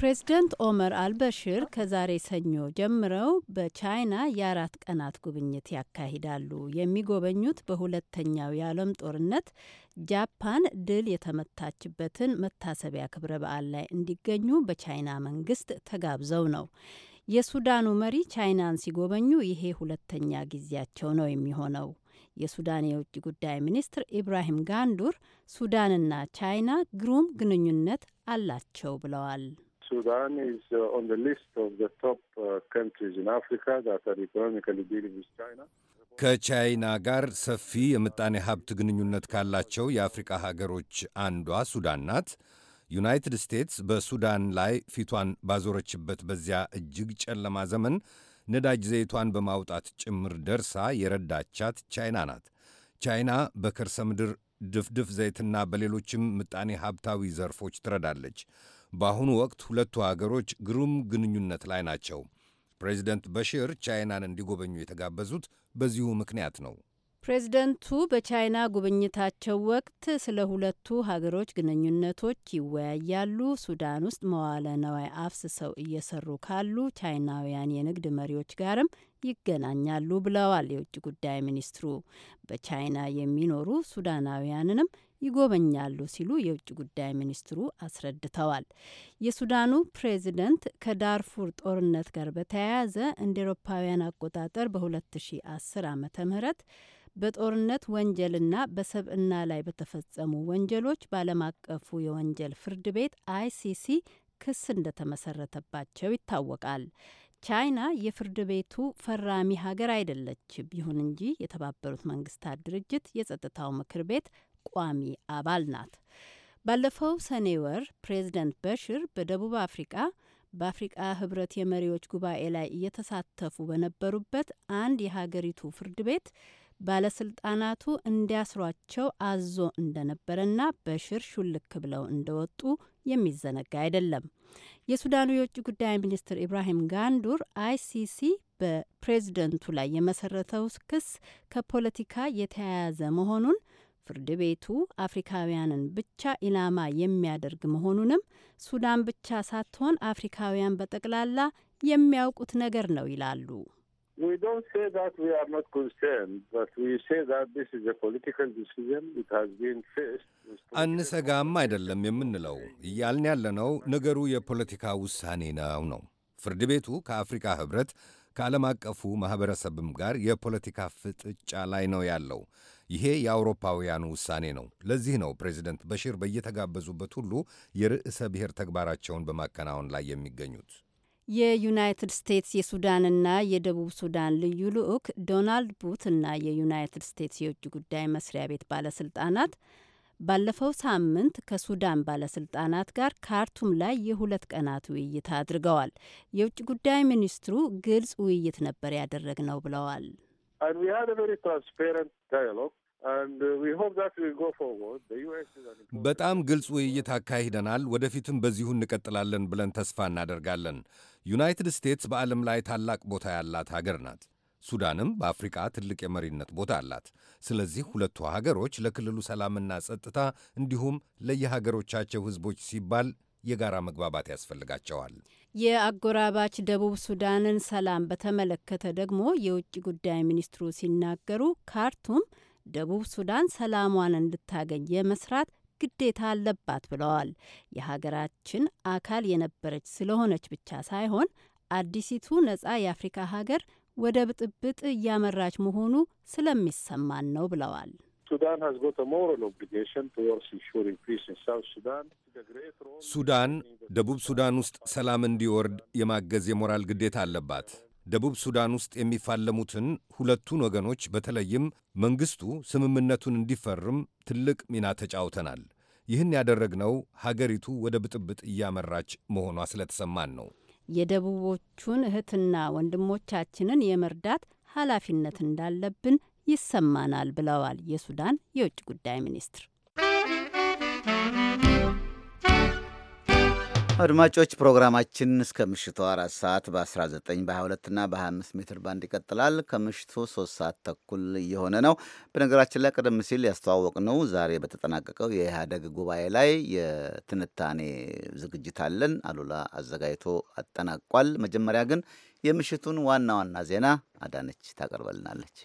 ፕሬዚደንት ኦመር አልበሽር ከዛሬ ሰኞ ጀምረው በቻይና የአራት ቀናት ጉብኝት ያካሂዳሉ። የሚጎበኙት በሁለተኛው የዓለም ጦርነት ጃፓን ድል የተመታችበትን መታሰቢያ ክብረ በዓል ላይ እንዲገኙ በቻይና መንግስት ተጋብዘው ነው። የሱዳኑ መሪ ቻይናን ሲጎበኙ ይሄ ሁለተኛ ጊዜያቸው ነው የሚሆነው። የሱዳን የውጭ ጉዳይ ሚኒስትር ኢብራሂም ጋንዱር ሱዳንና ቻይና ግሩም ግንኙነት አላቸው ብለዋል። uh, uh, ከቻይና ጋር ሰፊ የምጣኔ ሀብት ግንኙነት ካላቸው የአፍሪካ ሀገሮች አንዷ ሱዳን ናት። ዩናይትድ ስቴትስ በሱዳን ላይ ፊቷን ባዞረችበት በዚያ እጅግ ጨለማ ዘመን ነዳጅ ዘይቷን በማውጣት ጭምር ደርሳ የረዳቻት ቻይና ናት። ቻይና በከርሰ ምድር ድፍድፍ ዘይትና በሌሎችም ምጣኔ ሀብታዊ ዘርፎች ትረዳለች። በአሁኑ ወቅት ሁለቱ አገሮች ግሩም ግንኙነት ላይ ናቸው። ፕሬዚደንት በሽር ቻይናን እንዲጎበኙ የተጋበዙት በዚሁ ምክንያት ነው። ፕሬዝደንቱ በቻይና ጉብኝታቸው ወቅት ስለ ሁለቱ ሀገሮች ግንኙነቶች ይወያያሉ። ሱዳን ውስጥ መዋለ ነዋይ አፍስሰው እየሰሩ ካሉ ቻይናውያን የንግድ መሪዎች ጋርም ይገናኛሉ ብለዋል የውጭ ጉዳይ ሚኒስትሩ። በቻይና የሚኖሩ ሱዳናውያንንም ይጎበኛሉ ሲሉ የውጭ ጉዳይ ሚኒስትሩ አስረድተዋል። የሱዳኑ ፕሬዚደንት ከዳርፉር ጦርነት ጋር በተያያዘ እንደ ኤሮፓውያን አቆጣጠር በ2010 ዓ ም በጦርነት ወንጀልና በሰብዕና ላይ በተፈጸሙ ወንጀሎች በዓለም አቀፉ የወንጀል ፍርድ ቤት አይሲሲ ክስ እንደተመሰረተባቸው ይታወቃል። ቻይና የፍርድ ቤቱ ፈራሚ ሀገር አይደለችም። ይሁን እንጂ የተባበሩት መንግስታት ድርጅት የጸጥታው ምክር ቤት ቋሚ አባል ናት። ባለፈው ሰኔ ወር ፕሬዚደንት በሽር በደቡብ አፍሪቃ በአፍሪቃ ህብረት የመሪዎች ጉባኤ ላይ እየተሳተፉ በነበሩበት አንድ የሀገሪቱ ፍርድ ቤት ባለስልጣናቱ እንዲያስሯቸው አዞ እንደነበረና በሽር ሹልክ ብለው እንደወጡ የሚዘነጋ አይደለም። የሱዳኑ የውጭ ጉዳይ ሚኒስትር ኢብራሂም ጋንዱር አይሲሲ በፕሬዝደንቱ ላይ የመሰረተው ክስ ከፖለቲካ የተያያዘ መሆኑን ፍርድ ቤቱ አፍሪካውያንን ብቻ ኢላማ የሚያደርግ መሆኑንም ሱዳን ብቻ ሳትሆን አፍሪካውያን በጠቅላላ የሚያውቁት ነገር ነው ይላሉ። We don't say that we are not concerned, but we say that this is a political decision. It has been faced. አንሰጋም አይደለም የምንለው እያልን ያለነው ነገሩ የፖለቲካ ውሳኔ ነው ነው። ፍርድ ቤቱ ከአፍሪካ ህብረት ከዓለም አቀፉ ማኅበረሰብም ጋር የፖለቲካ ፍጥጫ ላይ ነው ያለው። ይሄ የአውሮፓውያኑ ውሳኔ ነው። ለዚህ ነው ፕሬዚደንት በሺር በየተጋበዙበት ሁሉ የርዕሰ ብሔር ተግባራቸውን በማከናወን ላይ የሚገኙት። የዩናይትድ ስቴትስ የሱዳንና የደቡብ ሱዳን ልዩ ልዑክ ዶናልድ ቡት እና የዩናይትድ ስቴትስ የውጭ ጉዳይ መስሪያ ቤት ባለስልጣናት ባለፈው ሳምንት ከሱዳን ባለስልጣናት ጋር ካርቱም ላይ የሁለት ቀናት ውይይት አድርገዋል። የውጭ ጉዳይ ሚኒስትሩ ግልጽ ውይይት ነበር ያደረግ ነው ብለዋል። በጣም ግልጽ ውይይት አካሂደናል። ወደፊትም በዚሁ እንቀጥላለን ብለን ተስፋ እናደርጋለን። ዩናይትድ ስቴትስ በዓለም ላይ ታላቅ ቦታ ያላት ሀገር ናት። ሱዳንም በአፍሪቃ ትልቅ የመሪነት ቦታ አላት። ስለዚህ ሁለቱ ሀገሮች ለክልሉ ሰላምና ጸጥታ እንዲሁም ለየሀገሮቻቸው ሕዝቦች ሲባል የጋራ መግባባት ያስፈልጋቸዋል። የአጎራባች ደቡብ ሱዳንን ሰላም በተመለከተ ደግሞ የውጭ ጉዳይ ሚኒስትሩ ሲናገሩ ካርቱም ደቡብ ሱዳን ሰላሟን እንድታገኝ የመስራት ግዴታ አለባት ብለዋል። የሀገራችን አካል የነበረች ስለሆነች ብቻ ሳይሆን አዲሲቱ ነጻ የአፍሪካ ሀገር ወደ ብጥብጥ እያመራች መሆኑ ስለሚሰማን ነው ብለዋል። ሱዳን ደቡብ ሱዳን ውስጥ ሰላም እንዲወርድ የማገዝ የሞራል ግዴታ አለባት። ደቡብ ሱዳን ውስጥ የሚፋለሙትን ሁለቱን ወገኖች በተለይም መንግሥቱ ስምምነቱን እንዲፈርም ትልቅ ሚና ተጫውተናል። ይህን ያደረግነው ሀገሪቱ ወደ ብጥብጥ እያመራች መሆኗ ስለተሰማን ነው። የደቡቦቹን እህትና ወንድሞቻችንን የመርዳት ኃላፊነት እንዳለብን ይሰማናል ብለዋል የሱዳን የውጭ ጉዳይ ሚኒስትር። አድማጮች ፕሮግራማችን እስከ ምሽቱ አራት ሰዓት በ19 በ22ና በ25 ሜትር ባንድ ይቀጥላል። ከምሽቱ ሶስት ሰዓት ተኩል እየሆነ ነው። በነገራችን ላይ ቀደም ሲል ያስተዋወቅ ነው ዛሬ በተጠናቀቀው የኢህአደግ ጉባኤ ላይ የትንታኔ ዝግጅት አለን። አሉላ አዘጋጅቶ አጠናቋል። መጀመሪያ ግን የምሽቱን ዋና ዋና ዜና አዳነች ታቀርበልናለች።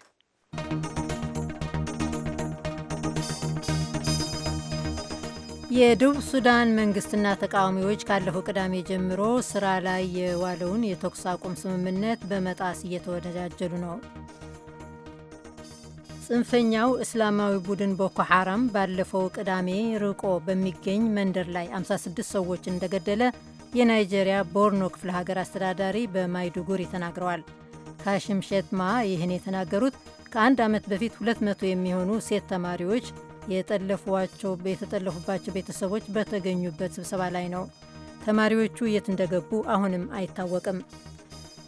የደቡብ ሱዳን መንግስትና ተቃዋሚዎች ካለፈው ቅዳሜ ጀምሮ ስራ ላይ የዋለውን የተኩስ አቁም ስምምነት በመጣስ እየተወደጃጀሉ ነው። ጽንፈኛው እስላማዊ ቡድን ቦኮ ሐራም ባለፈው ቅዳሜ ርቆ በሚገኝ መንደር ላይ 56 ሰዎች እንደገደለ የናይጄሪያ ቦርኖ ክፍለ ሀገር አስተዳዳሪ በማይዱጉሪ ተናግረዋል። ካሽም ሸትማ ይህን የተናገሩት ከአንድ ዓመት በፊት 200 የሚሆኑ ሴት ተማሪዎች የተጠለፉባቸው ቤተሰቦች በተገኙበት ስብሰባ ላይ ነው። ተማሪዎቹ የት እንደገቡ አሁንም አይታወቅም።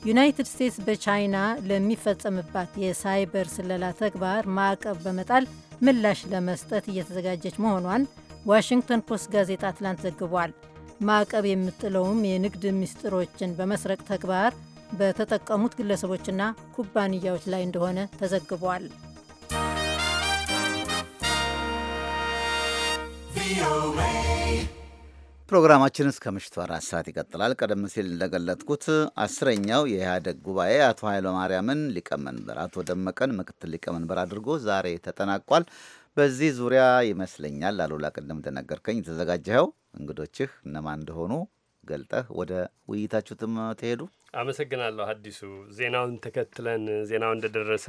ዩናይትድ ስቴትስ በቻይና ለሚፈጸምባት የሳይበር ስለላ ተግባር ማዕቀብ በመጣል ምላሽ ለመስጠት እየተዘጋጀች መሆኗን ዋሽንግተን ፖስት ጋዜጣ ትላንት ዘግቧል። ማዕቀብ የምጥለውም የንግድ ምስጢሮችን በመስረቅ ተግባር በተጠቀሙት ግለሰቦችና ኩባንያዎች ላይ እንደሆነ ተዘግቧል። ፕሮግራማችን እስከ ምሽቱ አራት ሰዓት ይቀጥላል። ቀደም ሲል እንደገለጥኩት አስረኛው የኢህአደግ ጉባኤ አቶ ኃይለማርያምን ሊቀመንበር፣ አቶ ደመቀን ምክትል ሊቀመንበር አድርጎ ዛሬ ተጠናቋል። በዚህ ዙሪያ ይመስለኛል አሉላ፣ ቅድም እንደነገርከኝ የተዘጋጀኸው እንግዶችህ እነማን እንደሆኑ ገልጠህ ወደ ውይይታችሁ ትሄዱ አመሰግናለሁ አዲሱ። ዜናውን ተከትለን ዜናው እንደደረሰ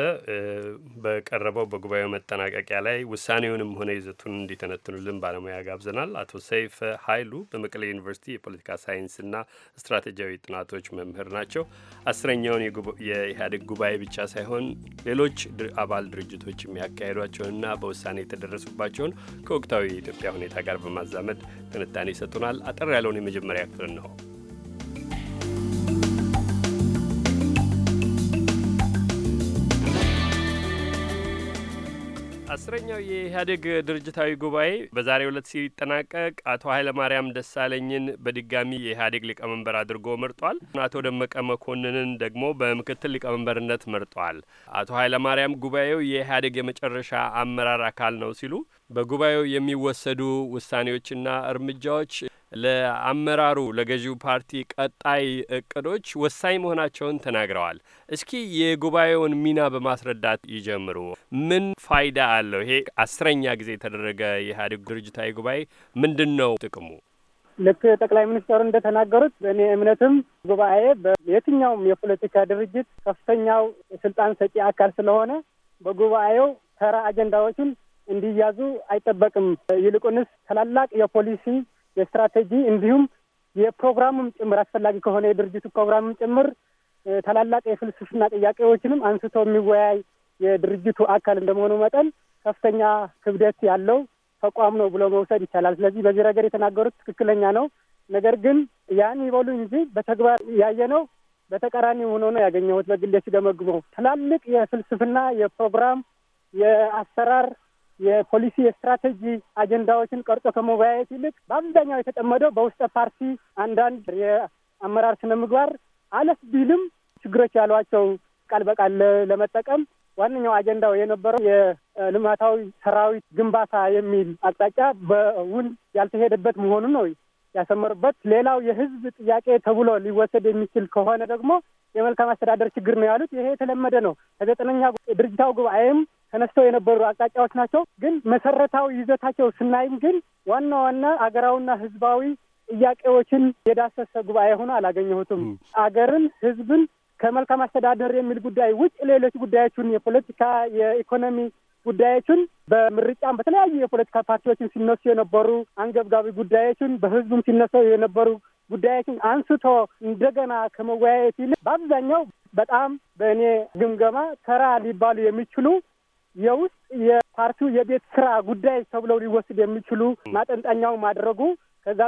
በቀረበው በጉባኤው መጠናቀቂያ ላይ ውሳኔውንም ሆነ ይዘቱን እንዲተነትኑልን ባለሙያ ጋብዘናል። አቶ ሰይፈ ኃይሉ በመቀሌ ዩኒቨርሲቲ የፖለቲካ ሳይንስና ስትራቴጂያዊ ጥናቶች መምህር ናቸው። አስረኛውን የኢህአዴግ ጉባኤ ብቻ ሳይሆን ሌሎች አባል ድርጅቶች የሚያካሄዷቸውንና በውሳኔ የተደረሱባቸውን ከወቅታዊ የኢትዮጵያ ሁኔታ ጋር በማዛመድ ትንታኔ ይሰጡናል። አጠር ያለውን የመጀመሪያ ክፍል ነው አስረኛው የኢህአዴግ ድርጅታዊ ጉባኤ በዛሬው ዕለት ሲጠናቀቅ አቶ ኃይለማርያም ደሳለኝን በድጋሚ የኢህአዴግ ሊቀመንበር አድርጎ መርጧል። አቶ ደመቀ መኮንንን ደግሞ በምክትል ሊቀመንበርነት መርጧል። አቶ ኃይለማርያም ጉባኤው የኢህአዴግ የመጨረሻ አመራር አካል ነው ሲሉ በጉባኤው የሚወሰዱ ውሳኔዎችና እርምጃዎች ለአመራሩ ለገዢው ፓርቲ ቀጣይ እቅዶች ወሳኝ መሆናቸውን ተናግረዋል። እስኪ የጉባኤውን ሚና በማስረዳት ይጀምሩ። ምን ፋይዳ አለው ይሄ አስረኛ ጊዜ የተደረገ የኢህአዴግ ድርጅታዊ ጉባኤ? ምንድን ነው ጥቅሙ? ልክ ጠቅላይ ሚኒስትሩ እንደተናገሩት በእኔ እምነትም ጉባኤ በየትኛውም የፖለቲካ ድርጅት ከፍተኛው ስልጣን ሰጪ አካል ስለሆነ በጉባኤው ተራ አጀንዳዎችን እንዲያዙ አይጠበቅም። ይልቁንስ ታላላቅ የፖሊሲ የስትራቴጂ እንዲሁም የፕሮግራሙም ጭምር አስፈላጊ ከሆነ የድርጅቱ ፕሮግራምም ጭምር ታላላቅ የፍልስፍና ጥያቄዎችንም አንስቶ የሚወያይ የድርጅቱ አካል እንደመሆኑ መጠን ከፍተኛ ክብደት ያለው ተቋም ነው ብሎ መውሰድ ይቻላል። ስለዚህ በዚህ ረገድ የተናገሩት ትክክለኛ ነው። ነገር ግን ያን ይበሉ እንጂ በተግባር ያየነው በተቃራኒ ሆኖ ነው ያገኘሁት። በግሌ ሲገመግመው ትላልቅ የፍልስፍና የፕሮግራም የአሰራር የፖሊሲ የስትራቴጂ አጀንዳዎችን ቀርጾ ከመወያየት ይልቅ በአብዛኛው የተጠመደው በውስጠ ፓርቲ አንዳንድ የአመራር ስነ ምግባር አለፍ ቢልም ችግሮች ያሏቸው ቃል በቃል ለመጠቀም ዋነኛው አጀንዳው የነበረው የልማታዊ ሰራዊት ግንባታ የሚል አቅጣጫ በውል ያልተሄደበት መሆኑ ነው ያሰመሩበት። ሌላው የህዝብ ጥያቄ ተብሎ ሊወሰድ የሚችል ከሆነ ደግሞ የመልካም አስተዳደር ችግር ነው ያሉት። ይሄ የተለመደ ነው። ከዘጠነኛ ድርጅታው ጉባኤም ተነስተው የነበሩ አቅጣጫዎች ናቸው። ግን መሰረታዊ ይዘታቸው ስናይም ግን ዋና ዋና አገራዊና ህዝባዊ ጥያቄዎችን የዳሰሰ ጉባኤ ሆኖ አላገኘሁትም። አገርን፣ ህዝብን ከመልካም አስተዳደር የሚል ጉዳይ ውጭ ሌሎች ጉዳዮችን የፖለቲካ የኢኮኖሚ ጉዳዮችን በምርጫም በተለያዩ የፖለቲካ ፓርቲዎችን ሲነሱ የነበሩ አንገብጋቢ ጉዳዮችን በህዝቡም ሲነሱ የነበሩ ጉዳዮችን አንስቶ እንደገና ከመወያየት ይልቅ በአብዛኛው በጣም በእኔ ግምገማ ተራ ሊባሉ የሚችሉ የውስጥ የፓርቲው የቤት ስራ ጉዳይ ተብለው ሊወስድ የሚችሉ ማጠንጠኛው ማድረጉ ከዛ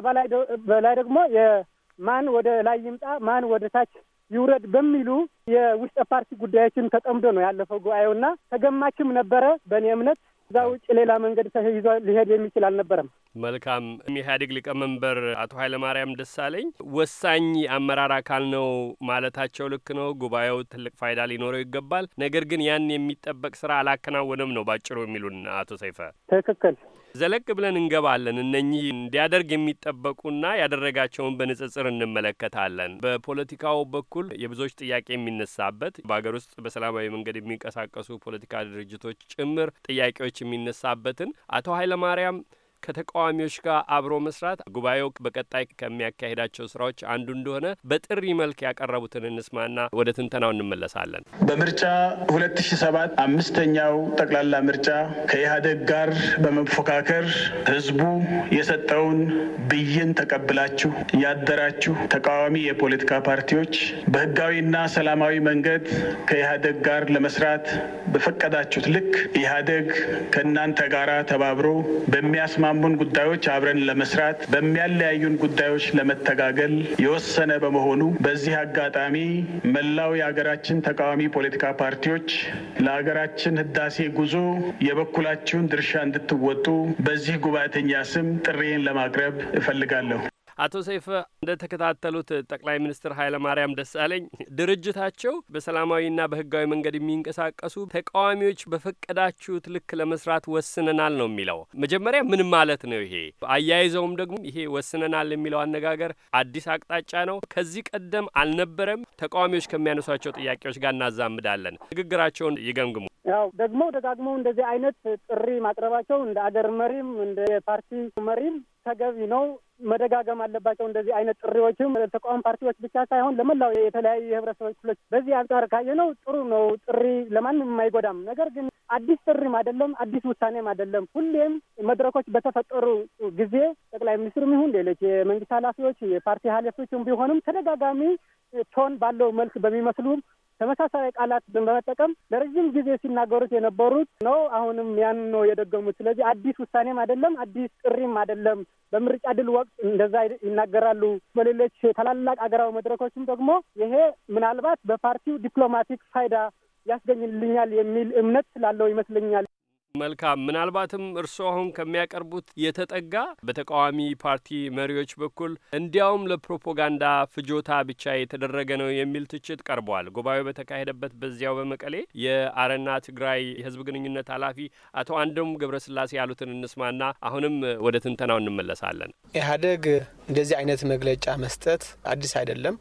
በላይ ደግሞ የማን ወደ ላይ ይምጣ ማን ወደ ታች ይውረድ በሚሉ የውስጥ ፓርቲ ጉዳዮችን ተጠምዶ ነው ያለፈው ጉባኤውና ተገማችም ነበረ። በእኔ እምነት እዛ ውጭ ሌላ መንገድ ተይዞ ሊሄድ የሚችል አልነበረም። መልካም የኢህአዴግ ሊቀመንበር አቶ ኃይለማርያም ደሳለኝ ወሳኝ አመራር አካል ነው ማለታቸው ልክ ነው። ጉባኤው ትልቅ ፋይዳ ሊኖረው ይገባል። ነገር ግን ያን የሚጠበቅ ስራ አላከናወነም ነው ባጭሩ የሚሉን አቶ ሰይፈ ትክክል ዘለቅ ብለን እንገባለን። እነኚህ እንዲያደርግ የሚጠበቁና ያደረጋቸውን በንጽጽር እንመለከታለን። በፖለቲካው በኩል የብዙዎች ጥያቄ የሚነሳበት በሀገር ውስጥ በሰላማዊ መንገድ የሚንቀሳቀሱ ፖለቲካ ድርጅቶች ጭምር ጥያቄዎች የሚነሳበትን አቶ ኃይለማርያም ከተቃዋሚዎች ጋር አብሮ መስራት ጉባኤው በቀጣይ ከሚያካሄዳቸው ስራዎች አንዱ እንደሆነ በጥሪ መልክ ያቀረቡትን እንስማና ወደ ትንተናው እንመለሳለን። በምርጫ 2007 አምስተኛው ጠቅላላ ምርጫ ከኢህአዴግ ጋር በመፎካከር ህዝቡ የሰጠውን ብይን ተቀብላችሁ ያደራችሁ ተቃዋሚ የፖለቲካ ፓርቲዎች በህጋዊና ሰላማዊ መንገድ ከኢህአዴግ ጋር ለመስራት በፈቀዳችሁት ልክ ኢህአዴግ ከእናንተ ጋር ተባብሮ በሚያስማ በሚያስማሙን ጉዳዮች አብረን ለመስራት፣ በሚያለያዩን ጉዳዮች ለመተጋገል የወሰነ በመሆኑ በዚህ አጋጣሚ መላው የሀገራችን ተቃዋሚ ፖለቲካ ፓርቲዎች ለሀገራችን ህዳሴ ጉዞ የበኩላችሁን ድርሻ እንድትወጡ በዚህ ጉባኤተኛ ስም ጥሬን ለማቅረብ እፈልጋለሁ። አቶ ሰይፈ እንደተከታተሉት ጠቅላይ ሚኒስትር ኃይለማርያም ደሳለኝ ድርጅታቸው በሰላማዊና በህጋዊ መንገድ የሚንቀሳቀሱ ተቃዋሚዎች በፈቀዳችሁት ልክ ለመስራት ወስነናል ነው የሚለው። መጀመሪያ ምን ማለት ነው ይሄ? አያይዘውም ደግሞ ይሄ ወስነናል የሚለው አነጋገር አዲስ አቅጣጫ ነው፣ ከዚህ ቀደም አልነበረም። ተቃዋሚዎች ከሚያነሷቸው ጥያቄዎች ጋር እናዛምዳለን። ንግግራቸውን ይገምግሙ። ያው ደግሞ ደጋግመው እንደዚህ አይነት ጥሪ ማቅረባቸው እንደ አገር መሪም እንደ ፓርቲ መሪም ተገቢ ነው። መደጋገም አለባቸው። እንደዚህ አይነት ጥሪዎችም ተቃዋሚ ፓርቲዎች ብቻ ሳይሆን ለመላው የተለያዩ የህብረተሰብ ክፍሎች በዚህ አንጻር ካየነው ጥሩ ነው። ጥሪ ለማንም የማይጎዳም ነገር ግን አዲስ ጥሪም አይደለም፣ አዲስ ውሳኔም አይደለም። ሁሌም መድረኮች በተፈጠሩ ጊዜ ጠቅላይ ሚኒስትርም ይሁን ሌሎች የመንግስት ኃላፊዎች የፓርቲ ኃላፊዎችም ቢሆንም ተደጋጋሚ ቶን ባለው መልክ በሚመስሉ ተመሳሳይ ቃላት በመጠቀም ለረጅም ጊዜ ሲናገሩት የነበሩት ነው። አሁንም ያን ነው የደገሙት። ስለዚህ አዲስ ውሳኔም አይደለም፣ አዲስ ጥሪም አይደለም። በምርጫ ድል ወቅት እንደዛ ይናገራሉ። በሌሎች ታላላቅ አገራዊ መድረኮችም ደግሞ ይሄ ምናልባት በፓርቲው ዲፕሎማቲክ ፋይዳ ያስገኝልኛል የሚል እምነት ስላለው ይመስለኛል። መልካም ምናልባትም እርስዎ አሁን ከሚያቀርቡት የተጠጋ በተቃዋሚ ፓርቲ መሪዎች በኩል እንዲያውም ለፕሮፓጋንዳ ፍጆታ ብቻ የተደረገ ነው የሚል ትችት ቀርቧል። ጉባኤው በተካሄደበት በዚያው በመቀሌ የአረና ትግራይ የህዝብ ግንኙነት ኃላፊ አቶ አንዶም ገብረስላሴ ያሉትን እንስማና አሁንም ወደ ትንተናው እንመለሳለን። ኢህአዴግ እንደዚህ አይነት መግለጫ መስጠት አዲስ አይደለም።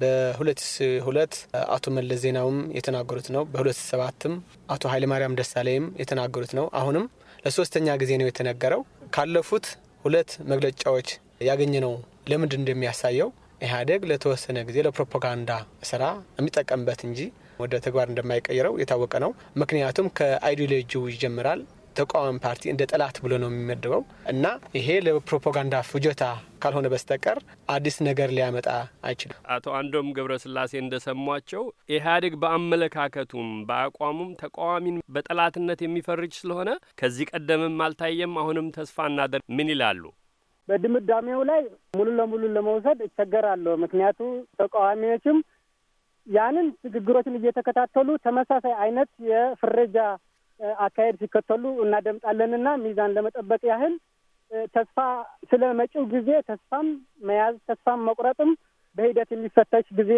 በ2002 አቶ መለስ ዜናውም የተናገሩት ነው። በ2007ም አቶ ኃይለማርያም ደሳለይም የተናገሩት ነው። አሁንም ለሶስተኛ ጊዜ ነው የተነገረው። ካለፉት ሁለት መግለጫዎች ያገኘ ነው ለምንድ እንደሚያሳየው ኢህአዴግ ለተወሰነ ጊዜ ለፕሮፓጋንዳ ስራ የሚጠቀምበት እንጂ ወደ ተግባር እንደማይቀይረው የታወቀ ነው። ምክንያቱም ከአይዲዮሎጂው ይጀምራል። ተቃዋሚ ፓርቲ እንደ ጠላት ብሎ ነው የሚመድበው እና ይሄ ለፕሮፓጋንዳ ፍጆታ ካልሆነ በስተቀር አዲስ ነገር ሊያመጣ አይችልም። አቶ አንዶም ገብረስላሴ እንደሰሟቸው ኢህአዴግ በአመለካከቱም በአቋሙም ተቃዋሚን በጠላትነት የሚፈርጅ ስለሆነ ከዚህ ቀደምም አልታየም፣ አሁንም ተስፋ እናደር ምን ይላሉ? በድምዳሜው ላይ ሙሉ ለሙሉ ለመውሰድ እቸገራለሁ። ምክንያቱ ተቃዋሚዎችም ያንን ንግግሮችን እየተከታተሉ ተመሳሳይ አይነት የፍረጃ አካሄድ ሲከተሉ እናደምጣለንና ሚዛን ለመጠበቅ ያህል ተስፋ ስለ መጪው ጊዜ ተስፋም መያዝ ተስፋም መቁረጥም በሂደት የሚፈተሽ ጊዜ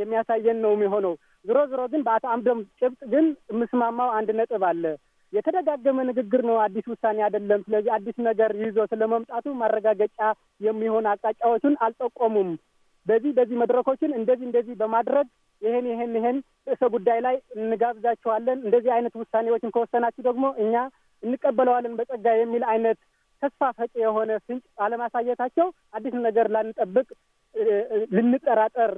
የሚያሳየን ነው የሚሆነው። ዞሮ ዞሮ ግን በአቶ አምዶም ጭብጥ ግን የምስማማው አንድ ነጥብ አለ። የተደጋገመ ንግግር ነው፣ አዲስ ውሳኔ አይደለም። ስለዚህ አዲስ ነገር ይዞ ስለ መምጣቱ ማረጋገጫ የሚሆን አቅጣጫዎቹን አልጠቆሙም። በዚህ በዚህ መድረኮችን እንደዚህ እንደዚህ በማድረግ ይህን ይህን ይህን ርዕሰ ጉዳይ ላይ እንጋብዛችኋለን፣ እንደዚህ አይነት ውሳኔዎችን ከወሰናችሁ ደግሞ እኛ እንቀበለዋለን በጸጋ የሚል አይነት ተስፋ ፈጪ የሆነ ፍንጭ አለማሳየታቸው አዲስ ነገር ላንጠብቅ ልንጠራጠር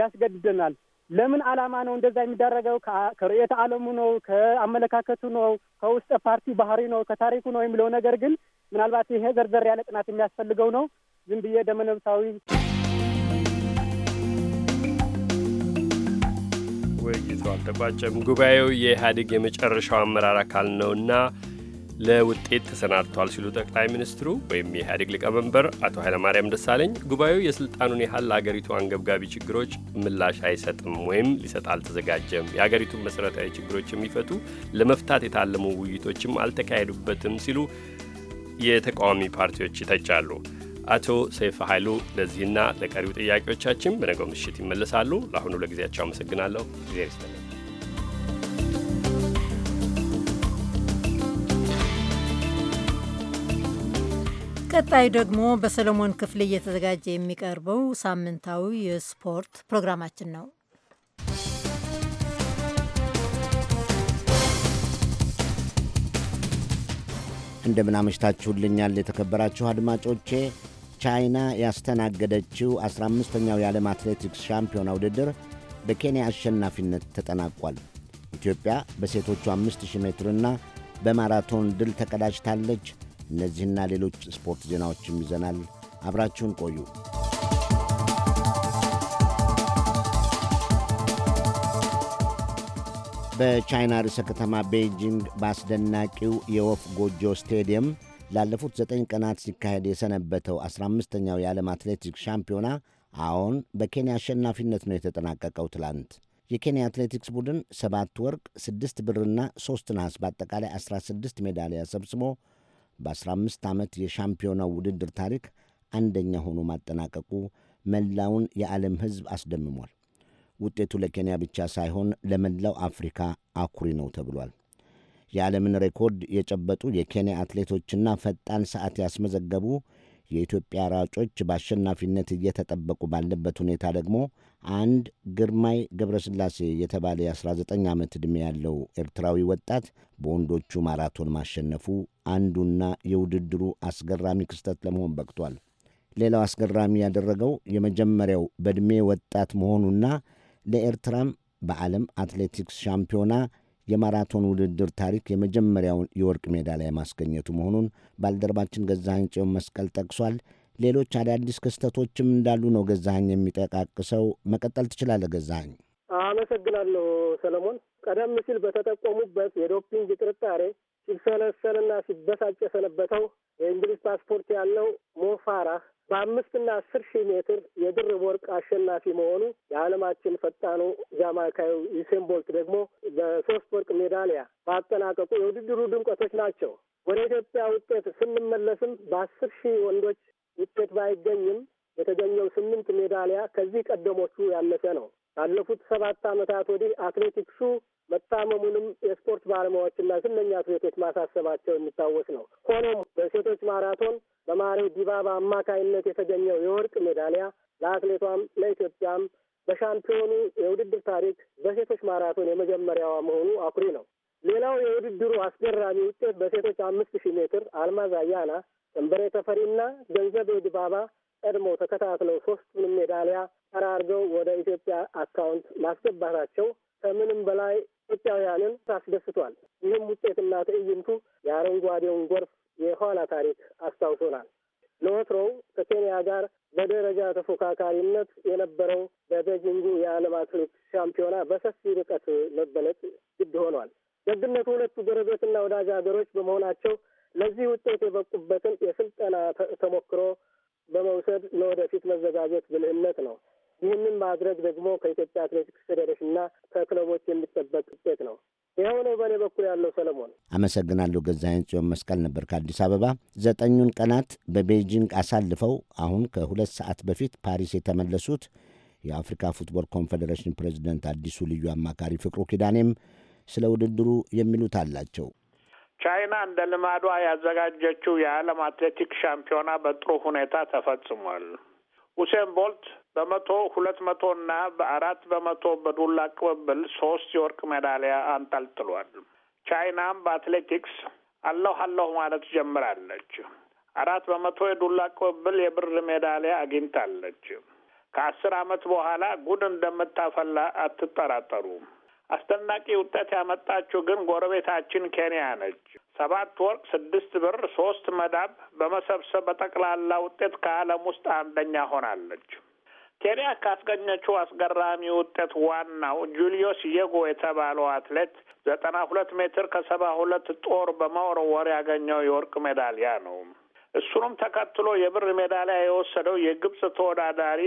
ያስገድደናል። ለምን ዓላማ ነው እንደዛ የሚደረገው? ከርዕዮተ ዓለሙ ነው? ከአመለካከቱ ነው? ከውስጠ ፓርቲ ባህሪ ነው? ከታሪኩ ነው የሚለው ነገር ግን ምናልባት ይሄ ዘርዘር ያለ ጥናት የሚያስፈልገው ነው። ዝም ብዬ ደመነብሳዊ ውይይቱ አልተቋጨም። ጉባኤው የኢህአዴግ የመጨረሻው አመራር አካል ነውና ለውጤት ተሰናድቷል ሲሉ ጠቅላይ ሚኒስትሩ ወይም የኢህአዴግ ሊቀመንበር አቶ ኃይለማርያም ደሳለኝ ጉባኤው የስልጣኑን ያህል ለአገሪቱ አንገብጋቢ ችግሮች ምላሽ አይሰጥም ወይም ሊሰጥ አልተዘጋጀም፣ የአገሪቱን መሠረታዊ ችግሮች የሚፈቱ ለመፍታት የታለሙ ውይይቶችም አልተካሄዱበትም ሲሉ የተቃዋሚ ፓርቲዎች ይተቻሉ። አቶ ሰይፈ ኃይሉ ለዚህና ለቀሪው ጥያቄዎቻችን በነገው ምሽት ይመለሳሉ። ለአሁኑ ለጊዜያቸው አመሰግናለሁ። ጊዜ ይስጥልኝ። ቀጣዩ ደግሞ በሰለሞን ክፍል እየተዘጋጀ የሚቀርበው ሳምንታዊ የስፖርት ፕሮግራማችን ነው። እንደምን አመሽታችሁልኛል የተከበራችሁ አድማጮቼ። ቻይና ያስተናገደችው 15ኛው የዓለም አትሌቲክስ ሻምፒዮና ውድድር በኬንያ አሸናፊነት ተጠናቋል። ኢትዮጵያ በሴቶቹ 5000 ሜትርና በማራቶን ድል ተቀዳጅታለች። እነዚህና ሌሎች ስፖርት ዜናዎችም ይዘናል። አብራችሁን ቆዩ። በቻይና ርዕሰ ከተማ ቤይጂንግ በአስደናቂው የወፍ ጎጆ ስቴዲየም ላለፉት ዘጠኝ ቀናት ሲካሄድ የሰነበተው 15ኛው የዓለም አትሌቲክስ ሻምፒዮና አዎን በኬንያ አሸናፊነት ነው የተጠናቀቀው። ትላንት የኬንያ አትሌቲክስ ቡድን ሰባት ወርቅ፣ ስድስት ብርና ሦስት ነሐስ በአጠቃላይ 16 ሜዳሊያ ሰብስቦ በ15 ዓመት የሻምፒዮናው ውድድር ታሪክ አንደኛ ሆኖ ማጠናቀቁ መላውን የዓለም ሕዝብ አስደምሟል። ውጤቱ ለኬንያ ብቻ ሳይሆን ለመላው አፍሪካ አኩሪ ነው ተብሏል። የዓለምን ሬኮርድ የጨበጡ የኬንያ አትሌቶችና ፈጣን ሰዓት ያስመዘገቡ የኢትዮጵያ ራጮች በአሸናፊነት እየተጠበቁ ባለበት ሁኔታ ደግሞ አንድ ግርማይ ገብረስላሴ የተባለ የ19 ዓመት ዕድሜ ያለው ኤርትራዊ ወጣት በወንዶቹ ማራቶን ማሸነፉ አንዱና የውድድሩ አስገራሚ ክስተት ለመሆን በቅቷል። ሌላው አስገራሚ ያደረገው የመጀመሪያው በዕድሜ ወጣት መሆኑና ለኤርትራም በዓለም አትሌቲክስ ሻምፒዮና የማራቶን ውድድር ታሪክ የመጀመሪያውን የወርቅ ሜዳሊያ ማስገኘቱ መሆኑን ባልደረባችን ገዛኸኝ ጽዮን መስቀል ጠቅሷል። ሌሎች አዳዲስ ክስተቶችም እንዳሉ ነው ገዛኸኝ የሚጠቃቅሰው። መቀጠል ትችላለህ ገዛኸኝ። አመሰግናለሁ ሰለሞን። ቀደም ሲል በተጠቆሙበት የዶፒንግ ጥርጣሬ ሲብሰለሰልና ሲበሳጭ የሰነበተው የእንግሊዝ ፓስፖርት ያለው ሞፋራህ በአምስትና አስር ሺህ ሜትር የድርብ ወርቅ አሸናፊ መሆኑ የዓለማችን ፈጣኑ ጃማይካዊ ዩሴን ቦልት ደግሞ በሶስት ወርቅ ሜዳሊያ ማጠናቀቁ የውድድሩ ድምቀቶች ናቸው። ወደ ኢትዮጵያ ውጤት ስንመለስም በአስር ሺህ ወንዶች ውጤት ባይገኝም የተገኘው ስምንት ሜዳሊያ ከዚህ ቀደሞቹ ያነሰ ነው። ካለፉት ሰባት ዓመታት ወዲህ አትሌቲክሱ መታመሙንም የስፖርት ባለሙያዎችና ዝነኛ አትሌቶች ማሳሰባቸው የሚታወስ ነው። ሆኖም በሴቶች ማራቶን በማሪው ዲባባ አማካይነት የተገኘው የወርቅ ሜዳሊያ ለአትሌቷም ለኢትዮጵያም በሻምፒዮኑ የውድድር ታሪክ በሴቶች ማራቶን የመጀመሪያዋ መሆኑ አኩሪ ነው። ሌላው የውድድሩ አስገራሚ ውጤት በሴቶች አምስት ሺህ ሜትር አልማዝ አያና፣ ሰንበሬ ተፈሪና ገንዘቤ ዲባባ ቀድሞ ተከታትለው ሶስቱንም ሜዳሊያ ጠራርገው ወደ ኢትዮጵያ አካውንት ማስገባታቸው ከምንም በላይ ኢትዮጵያውያንን አስደስቷል። ይህም ውጤትና ትዕይንቱ የአረንጓዴውን ጎርፍ የኋላ ታሪክ አስታውሶናል። ለወትሮው ከኬንያ ጋር በደረጃ ተፎካካሪነት የነበረው በቤጂንጉ የዓለም አትሌት ሻምፒዮና በሰፊ ርቀት መበለጥ ግድ ሆኗል። ደግነቱ ሁለቱ ጎረቤትና ወዳጅ ሀገሮች በመሆናቸው ለዚህ ውጤት የበቁበትን የስልጠና ተሞክሮ በመውሰድ ለወደፊት መዘጋጀት ብልህነት ነው። ይህንን ማድረግ ደግሞ ከኢትዮጵያ አትሌቲክስ ፌዴሬሽንና ከክለቦች የሚጠበቅ ውጤት ነው። ይኸው ነው በእኔ በኩል ያለው ሰለሞን። አመሰግናለሁ። ገዛይን ጽዮን መስቀል ነበር ከአዲስ አበባ። ዘጠኙን ቀናት በቤይጂንግ አሳልፈው አሁን ከሁለት ሰዓት በፊት ፓሪስ የተመለሱት የአፍሪካ ፉትቦል ኮንፌዴሬሽን ፕሬዚደንት አዲሱ ልዩ አማካሪ ፍቅሩ ኪዳኔም ስለ ውድድሩ የሚሉት አላቸው። ቻይና እንደ ልማዷ ያዘጋጀችው የዓለም አትሌቲክስ ሻምፒዮና በጥሩ ሁኔታ ተፈጽሟል። ሁሴን ቦልት በመቶ ሁለት መቶ እና በአራት በመቶ በዱላ ቅብብል ሶስት የወርቅ ሜዳሊያ አንጠልጥሏል። ቻይናም በአትሌቲክስ አለሁ አለሁ ማለት ጀምራለች። አራት በመቶ የዱላ ቅብብል የብር ሜዳሊያ አግኝታለች። ከአስር ዓመት በኋላ ጉድ እንደምታፈላ አትጠራጠሩ። አስደናቂ ውጤት ያመጣችው ግን ጎረቤታችን ኬንያ ነች። ሰባት ወርቅ፣ ስድስት ብር፣ ሶስት መዳብ በመሰብሰብ በጠቅላላ ውጤት ከዓለም ውስጥ አንደኛ ሆናለች። ኬንያ ካስገኘችው አስገራሚ ውጤት ዋናው ጁልዮስ የጎ የተባለው አትሌት ዘጠና ሁለት ሜትር ከሰባ ሁለት ጦር በመወርወር ያገኘው የወርቅ ሜዳሊያ ነው። እሱንም ተከትሎ የብር ሜዳሊያ የወሰደው የግብፅ ተወዳዳሪ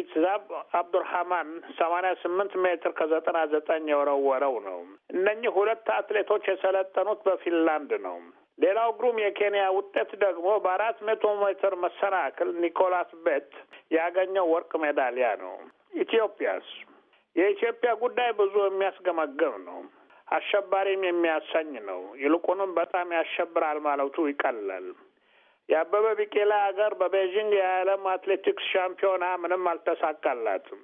ኢትዛብ አብዱርሃማን ሰማኒያ ስምንት ሜትር ከዘጠና ዘጠኝ የወረወረው ነው። እነኚህ ሁለት አትሌቶች የሰለጠኑት በፊንላንድ ነው። ሌላው ግሩም የኬንያ ውጤት ደግሞ በአራት መቶ ሜትር መሰናክል ኒኮላስ ቤት ያገኘው ወርቅ ሜዳሊያ ነው። ኢትዮጵያስ የኢትዮጵያ ጉዳይ ብዙ የሚያስገመግም ነው። አሸባሪም የሚያሰኝ ነው። ይልቁንም በጣም ያሸብራል ማለቱ ይቀላል። የአበበ ቢቄላ ሀገር በቤይጂንግ የዓለም አትሌቲክስ ሻምፒዮና ምንም አልተሳካላትም።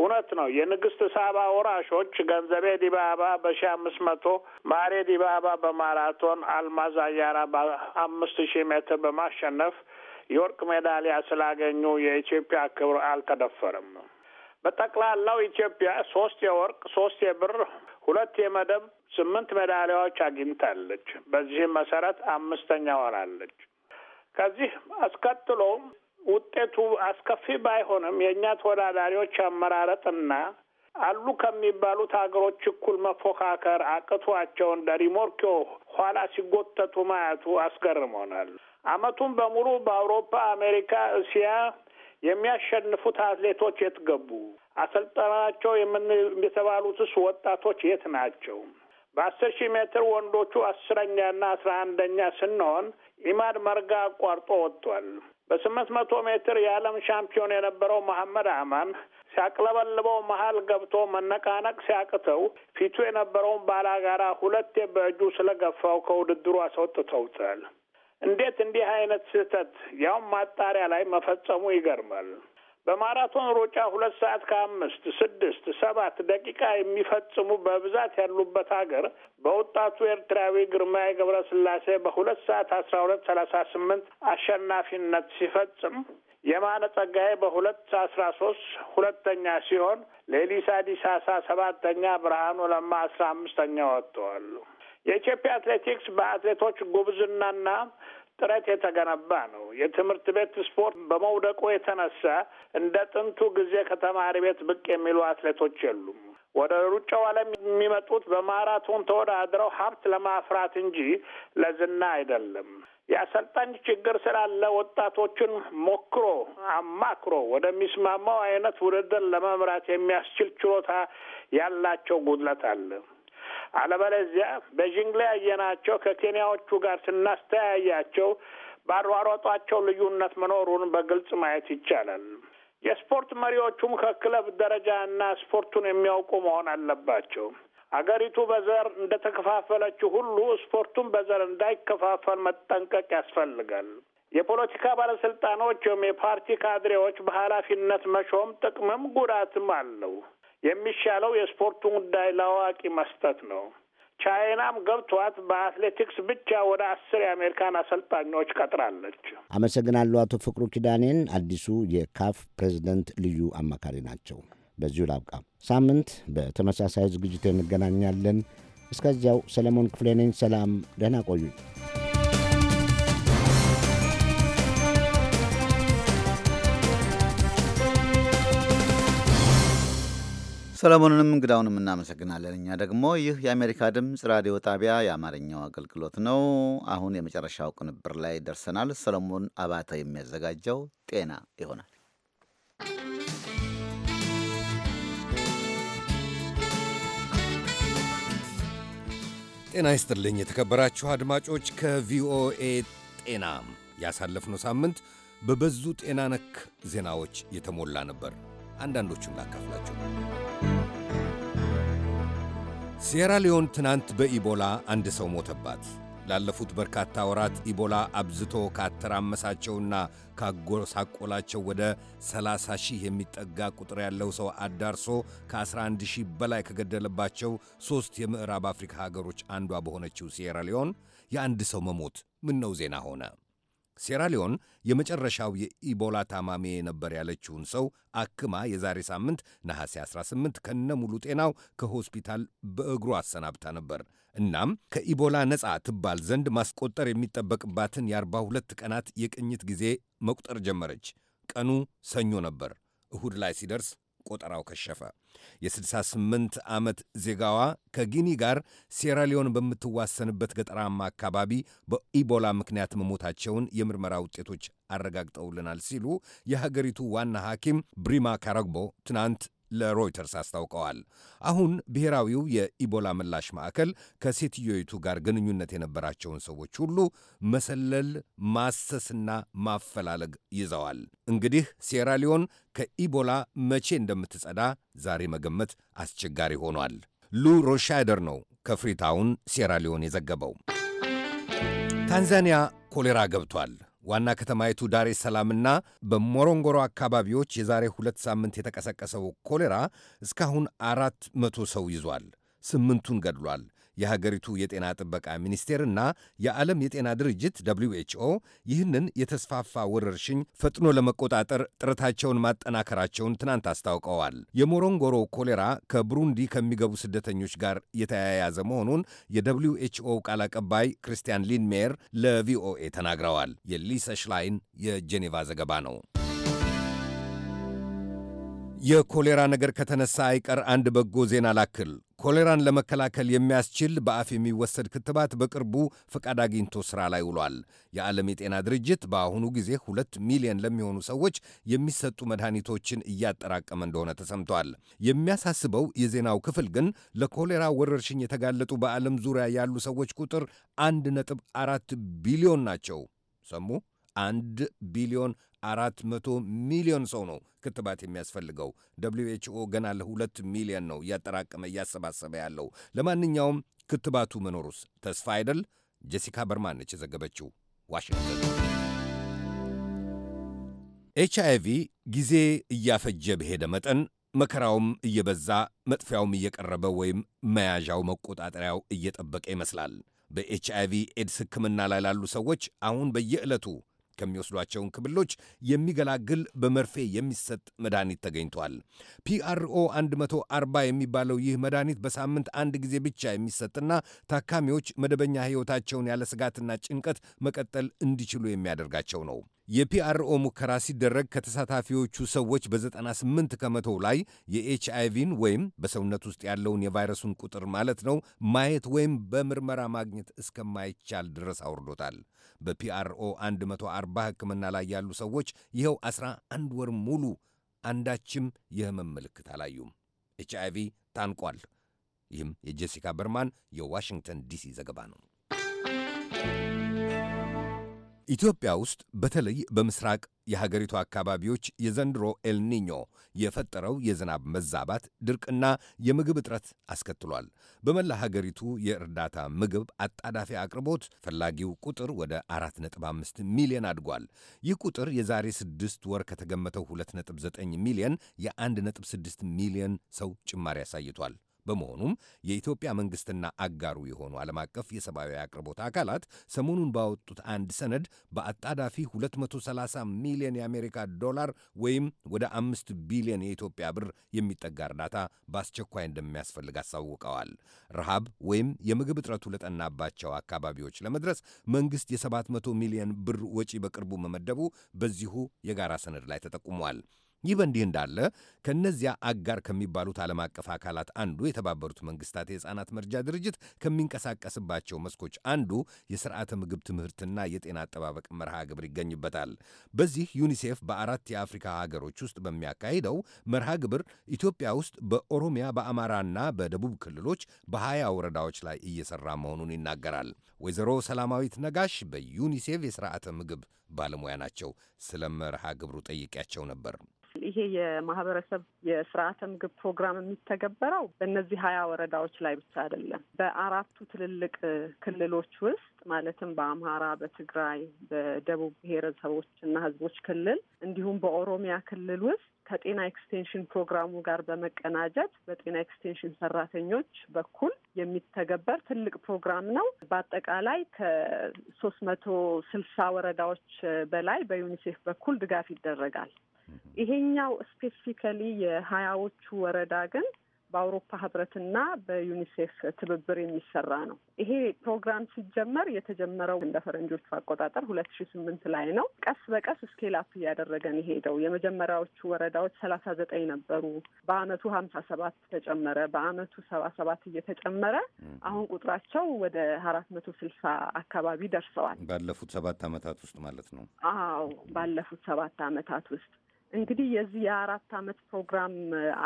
እውነት ነው። የንግስት ሳባ ወራሾች ገንዘቤ ዲባባ በሺ አምስት መቶ ማሬ ዲባባ በማራቶን አልማዝ አያራ በአምስት ሺህ ሜትር በማሸነፍ የወርቅ ሜዳሊያ ስላገኙ የኢትዮጵያ ክብር አልተደፈርም። በጠቅላላው ኢትዮጵያ ሶስት የወርቅ ሶስት የብር ሁለት የመደብ ስምንት ሜዳሊያዎች አግኝታለች። በዚህም መሰረት አምስተኛ ሆናለች። ከዚህ አስቀጥሎ ውጤቱ አስከፊ ባይሆንም የእኛ ተወዳዳሪዎች አመራረጥና አሉ ከሚባሉት ሀገሮች እኩል መፎካከር አቅቷቸው እንደ ሪሞርኪዮ ኋላ ሲጎተቱ ማየቱ አስገርሞናል። አመቱን በሙሉ በአውሮፓ፣ አሜሪካ፣ እስያ የሚያሸንፉት አትሌቶች የት ገቡ? አሰልጠናቸው የተባሉትስ ወጣቶች የት ናቸው? በአስር ሺህ ሜትር ወንዶቹ አስረኛና አስራ አንደኛ ስንሆን ኢማድ መርጋ አቋርጦ ወጥቷል። በስምንት መቶ ሜትር የዓለም ሻምፒዮን የነበረው መሐመድ አማን ሲያቅለበልበው መሀል ገብቶ መነቃነቅ ሲያቅተው ፊቱ የነበረውን ባላጋራ ሁለቴ በእጁ ስለገፋው ከውድድሩ አስወጥተውታል። እንዴት እንዲህ አይነት ስህተት ያውም ማጣሪያ ላይ መፈጸሙ ይገርማል። በማራቶን ሩጫ ሁለት ሰዓት ከአምስት ስድስት ሰባት ደቂቃ የሚፈጽሙ በብዛት ያሉበት ሀገር በወጣቱ ኤርትራዊ ግርማዊ ገብረ ስላሴ በሁለት ሰዓት አስራ ሁለት ሰላሳ ስምንት አሸናፊነት ሲፈጽም የማነ ጸጋዬ በሁለት አስራ ሶስት ሁለተኛ ሲሆን ለኤሊሳ ዲሳሳ ሰባተኛ፣ ብርሃኑ ለማ አስራ አምስተኛ ወጥተዋል። የኢትዮጵያ አትሌቲክስ በአትሌቶች ጉብዝናና ጥረት የተገነባ ነው። የትምህርት ቤት ስፖርት በመውደቁ የተነሳ እንደ ጥንቱ ጊዜ ከተማሪ ቤት ብቅ የሚሉ አትሌቶች የሉም። ወደ ሩጫው ዓለም የሚመጡት በማራቶን ተወዳድረው ሀብት ለማፍራት እንጂ ለዝና አይደለም። የአሰልጣኝ ችግር ስላለ ወጣቶችን ሞክሮ አማክሮ ወደሚስማማው አይነት ውድድር ለመምራት የሚያስችል ችሎታ ያላቸው ጉድለት አለ። አለበለዚያ በዥንግ ላይ ያየናቸው ከኬንያዎቹ ጋር ስናስተያያቸው ባሯሯጧቸው ልዩነት መኖሩን በግልጽ ማየት ይቻላል። የስፖርት መሪዎቹም ከክለብ ደረጃ እና ስፖርቱን የሚያውቁ መሆን አለባቸው። አገሪቱ በዘር እንደተከፋፈለችው ሁሉ ስፖርቱን በዘር እንዳይከፋፈል መጠንቀቅ ያስፈልጋል። የፖለቲካ ባለስልጣኖች ወይም የፓርቲ ካድሬዎች በኃላፊነት መሾም ጥቅምም ጉዳትም አለው። የሚሻለው የስፖርቱ ጉዳይ ለአዋቂ መስጠት ነው። ቻይናም ገብቷት በአትሌቲክስ ብቻ ወደ አስር የአሜሪካን አሰልጣኞች ቀጥራለች። አመሰግናለሁ። አቶ ፍቅሩ ኪዳኔን አዲሱ የካፍ ፕሬዚደንት ልዩ አማካሪ ናቸው። በዚሁ ላብቃ። ሳምንት በተመሳሳይ ዝግጅት እንገናኛለን። እስከዚያው ሰለሞን ክፍሌ ነኝ። ሰላም፣ ደህና ቆዩ። ሰለሞንንም እንግዳውንም እናመሰግናለን። እኛ ደግሞ ይህ የአሜሪካ ድምፅ ራዲዮ ጣቢያ የአማርኛው አገልግሎት ነው። አሁን የመጨረሻው ቅንብር ላይ ደርሰናል። ሰለሞን አባተ የሚያዘጋጀው ጤና ይሆናል። ጤና ይስጥልኝ የተከበራችሁ አድማጮች። ከቪኦኤ ጤና ያሳለፍነው ሳምንት በበዙ ጤና ነክ ዜናዎች የተሞላ ነበር። አንዳንዶቹን ላካፍላችሁ። ሴራ ሊዮን ትናንት በኢቦላ አንድ ሰው ሞተባት። ላለፉት በርካታ ወራት ኢቦላ አብዝቶ ካተራመሳቸውና ካጎሳቆላቸው ወደ 30 ሺህ የሚጠጋ ቁጥር ያለው ሰው አዳርሶ ከ11 ሺህ በላይ ከገደለባቸው ሦስት የምዕራብ አፍሪካ ሀገሮች አንዷ በሆነችው ሴራ ሊዮን የአንድ ሰው መሞት ምነው ዜና ሆነ? ሴራሊዮን የመጨረሻው የኢቦላ ታማሚ የነበር ያለችውን ሰው አክማ የዛሬ ሳምንት ነሐሴ 18 ከነሙሉ ጤናው ከሆስፒታል በእግሩ አሰናብታ ነበር። እናም ከኢቦላ ነፃ ትባል ዘንድ ማስቆጠር የሚጠበቅባትን የ42 ቀናት የቅኝት ጊዜ መቁጠር ጀመረች። ቀኑ ሰኞ ነበር። እሁድ ላይ ሲደርስ ቆጠራው ከሸፈ። የ68 ዓመት ዜጋዋ ከጊኒ ጋር ሴራሊዮን በምትዋሰንበት ገጠራማ አካባቢ በኢቦላ ምክንያት መሞታቸውን የምርመራ ውጤቶች አረጋግጠውልናል ሲሉ የሀገሪቱ ዋና ሐኪም ብሪማ ካረግቦ ትናንት ለሮይተርስ አስታውቀዋል። አሁን ብሔራዊው የኢቦላ ምላሽ ማዕከል ከሴትዮይቱ ጋር ግንኙነት የነበራቸውን ሰዎች ሁሉ መሰለል፣ ማሰስና ማፈላለግ ይዘዋል። እንግዲህ ሴራሊዮን ከኢቦላ መቼ እንደምትጸዳ ዛሬ መገመት አስቸጋሪ ሆኗል። ሉ ሮሻይደር ነው ከፍሪታውን ሴራሊዮን የዘገበው። ታንዛኒያ ኮሌራ ገብቷል። ዋና ከተማይቱ ዳሬ ሰላምና በሞሮንጎሮ አካባቢዎች የዛሬ ሁለት ሳምንት የተቀሰቀሰው ኮሌራ እስካሁን አራት መቶ ሰው ይዟል፣ ስምንቱን ገድሏል። የሀገሪቱ የጤና ጥበቃ ሚኒስቴርና የዓለም የጤና ድርጅት ደብሊው ኤችኦ ይህንን የተስፋፋ ወረርሽኝ ፈጥኖ ለመቆጣጠር ጥረታቸውን ማጠናከራቸውን ትናንት አስታውቀዋል። የሞሮንጎሮ ኮሌራ ከቡሩንዲ ከሚገቡ ስደተኞች ጋር የተያያዘ መሆኑን የደብሊው ኤችኦ ቃል አቀባይ ክርስቲያን ሊንሜየር ለቪኦኤ ተናግረዋል። የሊሰ ሽላይን የጄኔቫ ዘገባ ነው። የኮሌራ ነገር ከተነሳ አይቀር አንድ በጎ ዜና ላክል። ኮሌራን ለመከላከል የሚያስችል በአፍ የሚወሰድ ክትባት በቅርቡ ፈቃድ አግኝቶ ሥራ ላይ ውሏል። የዓለም የጤና ድርጅት በአሁኑ ጊዜ ሁለት ሚሊዮን ለሚሆኑ ሰዎች የሚሰጡ መድኃኒቶችን እያጠራቀመ እንደሆነ ተሰምቷል። የሚያሳስበው የዜናው ክፍል ግን ለኮሌራ ወረርሽኝ የተጋለጡ በዓለም ዙሪያ ያሉ ሰዎች ቁጥር አንድ ነጥብ አራት ቢሊዮን ናቸው። ሰሙ አንድ ቢሊዮን 400 ሚሊዮን ሰው ነው ክትባት የሚያስፈልገው። ደብሊው ኤችኦ ኦ ገና ለሁለት ሚሊዮን ነው እያጠራቀመ እያሰባሰበ ያለው። ለማንኛውም ክትባቱ መኖሩስ ተስፋ አይደል? ጀሲካ በርማን ነች የዘገበችው። ዋሽንግተን ኤች አይ ቪ ጊዜ እያፈጀ በሄደ መጠን መከራውም እየበዛ መጥፊያውም እየቀረበ ወይም መያዣው መቆጣጠሪያው እየጠበቀ ይመስላል። በኤች አይ ቪ ኤድስ ሕክምና ላይ ላሉ ሰዎች አሁን በየዕለቱ ከሚወስዷቸውን ክብሎች የሚገላግል በመርፌ የሚሰጥ መድኃኒት ተገኝቷል። ፒአርኦ 140 የሚባለው ይህ መድኃኒት በሳምንት አንድ ጊዜ ብቻ የሚሰጥና ታካሚዎች መደበኛ ሕይወታቸውን ያለ ስጋትና ጭንቀት መቀጠል እንዲችሉ የሚያደርጋቸው ነው። የፒአርኦ ሙከራ ሲደረግ ከተሳታፊዎቹ ሰዎች በ98 ከመቶ ላይ የኤች አይቪን ወይም በሰውነት ውስጥ ያለውን የቫይረሱን ቁጥር ማለት ነው ማየት ወይም በምርመራ ማግኘት እስከማይቻል ድረስ አውርዶታል። በፒአርኦ 140 ሕክምና ላይ ያሉ ሰዎች ይኸው 11 ወር ሙሉ አንዳችም የህመም ምልክት አላዩም። ኤች ታንቋል። ይህም የጄሲካ በርማን የዋሽንግተን ዲሲ ዘገባ ነው። ኢትዮጵያ ውስጥ በተለይ በምስራቅ የሀገሪቱ አካባቢዎች የዘንድሮ ኤልኒኞ የፈጠረው የዝናብ መዛባት ድርቅና የምግብ እጥረት አስከትሏል። በመላ ሀገሪቱ የእርዳታ ምግብ አጣዳፊ አቅርቦት ፈላጊው ቁጥር ወደ 4.5 ሚሊዮን አድጓል። ይህ ቁጥር የዛሬ 6 ወር ከተገመተው 2.9 ሚሊዮን የ1.6 ሚሊዮን ሰው ጭማሪ አሳይቷል። በመሆኑም የኢትዮጵያ መንግስትና አጋሩ የሆኑ ዓለም አቀፍ የሰብአዊ አቅርቦት አካላት ሰሞኑን ባወጡት አንድ ሰነድ በአጣዳፊ 230 ሚሊዮን የአሜሪካ ዶላር ወይም ወደ አምስት ቢሊዮን የኢትዮጵያ ብር የሚጠጋ እርዳታ በአስቸኳይ እንደሚያስፈልግ አሳውቀዋል። ረሃብ ወይም የምግብ እጥረቱ ለጠናባቸው አካባቢዎች ለመድረስ መንግስት የ700 ሚሊዮን ብር ወጪ በቅርቡ መመደቡ በዚሁ የጋራ ሰነድ ላይ ተጠቁሟል። ይህ በእንዲህ እንዳለ ከእነዚያ አጋር ከሚባሉት ዓለም አቀፍ አካላት አንዱ የተባበሩት መንግስታት የሕፃናት መርጃ ድርጅት ከሚንቀሳቀስባቸው መስኮች አንዱ የስርዓተ ምግብ ትምህርትና የጤና አጠባበቅ መርሃ ግብር ይገኝበታል። በዚህ ዩኒሴፍ በአራት የአፍሪካ ሀገሮች ውስጥ በሚያካሂደው መርሃ ግብር ኢትዮጵያ ውስጥ በኦሮሚያ በአማራና በደቡብ ክልሎች በሀያ ወረዳዎች ላይ እየሰራ መሆኑን ይናገራል። ወይዘሮ ሰላማዊት ነጋሽ በዩኒሴፍ የስርዓተ ምግብ ባለሙያ ናቸው። ስለ መርሃ ግብሩ ጠይቄያቸው ነበር። ይሄ የማህበረሰብ የስርዓተ ምግብ ፕሮግራም የሚተገበረው በእነዚህ ሀያ ወረዳዎች ላይ ብቻ አይደለም። በአራቱ ትልልቅ ክልሎች ውስጥ ማለትም በአምሃራ፣ በትግራይ፣ በደቡብ ብሔረሰቦች እና ህዝቦች ክልል እንዲሁም በኦሮሚያ ክልል ውስጥ ከጤና ኤክስቴንሽን ፕሮግራሙ ጋር በመቀናጀት በጤና ኤክስቴንሽን ሰራተኞች በኩል የሚተገበር ትልቅ ፕሮግራም ነው። በአጠቃላይ ከሶስት መቶ ስልሳ ወረዳዎች በላይ በዩኒሴፍ በኩል ድጋፍ ይደረጋል። ይሄኛው ስፔሲፊካሊ የሀያዎቹ ወረዳ ግን በአውሮፓ ህብረትና በዩኒሴፍ ትብብር የሚሰራ ነው። ይሄ ፕሮግራም ሲጀመር የተጀመረው እንደ ፈረንጆቹ አቆጣጠር ሁለት ሺ ስምንት ላይ ነው። ቀስ በቀስ ስኬል አፕ እያደረገን የሄደው የመጀመሪያዎቹ ወረዳዎች ሰላሳ ዘጠኝ ነበሩ። በአመቱ ሀምሳ ሰባት ተጨመረ። በአመቱ ሰባ ሰባት እየተጨመረ አሁን ቁጥራቸው ወደ አራት መቶ ስልሳ አካባቢ ደርሰዋል። ባለፉት ሰባት አመታት ውስጥ ማለት ነው። አዎ ባለፉት ሰባት አመታት ውስጥ እንግዲህ የዚህ የአራት አመት ፕሮግራም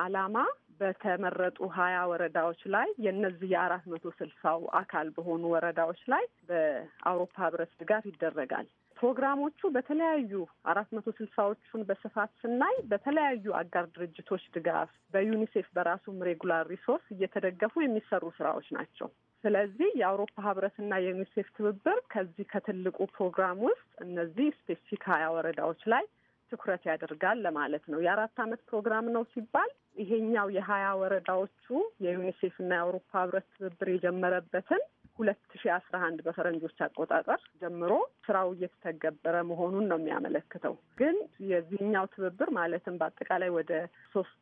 አላማ በተመረጡ ሀያ ወረዳዎች ላይ የእነዚህ የአራት መቶ ስልሳው አካል በሆኑ ወረዳዎች ላይ በአውሮፓ ህብረት ድጋፍ ይደረጋል። ፕሮግራሞቹ በተለያዩ አራት መቶ ስልሳዎቹን በስፋት ስናይ በተለያዩ አጋር ድርጅቶች ድጋፍ በዩኒሴፍ በራሱም ሬጉላር ሪሶርስ እየተደገፉ የሚሰሩ ስራዎች ናቸው። ስለዚህ የአውሮፓ ህብረትና የዩኒሴፍ ትብብር ከዚህ ከትልቁ ፕሮግራም ውስጥ እነዚህ ስፔሲፊክ ሀያ ወረዳዎች ላይ ትኩረት ያደርጋል ለማለት ነው። የአራት ዓመት ፕሮግራም ነው ሲባል ይሄኛው የሀያ ወረዳዎቹ የዩኒሴፍ እና የአውሮፓ ህብረት ትብብር የጀመረበትን ሁለት ሺ አስራ አንድ በፈረንጆች አቆጣጠር ጀምሮ ስራው እየተተገበረ መሆኑን ነው የሚያመለክተው። ግን የዚህኛው ትብብር ማለትም በአጠቃላይ ወደ ሶስት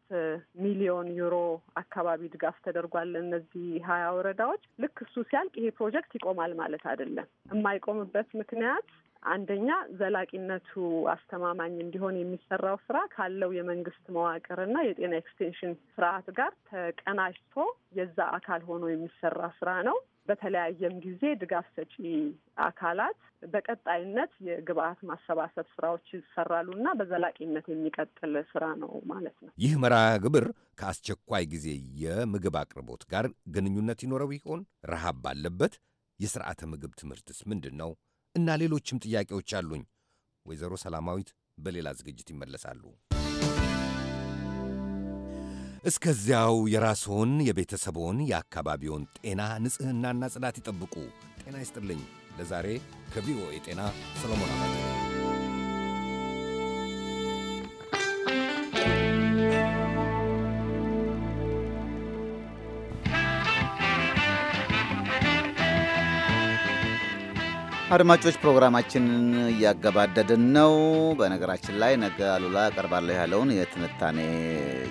ሚሊዮን ዩሮ አካባቢ ድጋፍ ተደርጓል። እነዚህ ሀያ ወረዳዎች ልክ እሱ ሲያልቅ ይሄ ፕሮጀክት ይቆማል ማለት አይደለም። የማይቆምበት ምክንያት አንደኛ ዘላቂነቱ አስተማማኝ እንዲሆን የሚሰራው ስራ ካለው የመንግስት መዋቅርና የጤና ኤክስቴንሽን ስርዓት ጋር ተቀናጅቶ የዛ አካል ሆኖ የሚሰራ ስራ ነው። በተለያየም ጊዜ ድጋፍ ሰጪ አካላት በቀጣይነት የግብአት ማሰባሰብ ስራዎች ይሰራሉ እና በዘላቂነት የሚቀጥል ስራ ነው ማለት ነው። ይህ መርሃ ግብር ከአስቸኳይ ጊዜ የምግብ አቅርቦት ጋር ግንኙነት ይኖረው ይሆን? ረሃብ ባለበት የስርዓተ ምግብ ትምህርትስ ምንድን ነው? እና ሌሎችም ጥያቄዎች አሉኝ። ወይዘሮ ሰላማዊት በሌላ ዝግጅት ይመለሳሉ። እስከዚያው የራስዎን፣ የቤተሰቦን፣ የአካባቢውን ጤና ንጽሕናና ጽዳት ይጠብቁ። ጤና ይስጥልኝ። ለዛሬ ከቪኦኤ ጤና ሰሎሞን አባተ አድማጮች ፕሮግራማችንን እያገባደድን ነው። በነገራችን ላይ ነገ አሉላ አቀርባለሁ ያለውን የትንታኔ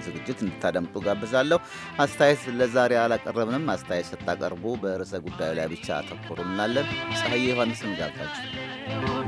ዝግጅት እንድታደምጡ ጋብዛለሁ። አስተያየት ለዛሬ አላቀረብንም። አስተያየት ስታቀርቡ በርዕሰ ጉዳዩ ላይ ብቻ አተኮሩ እንላለን። ፀሐዬ ዮሐንስን ጋብዛችሁ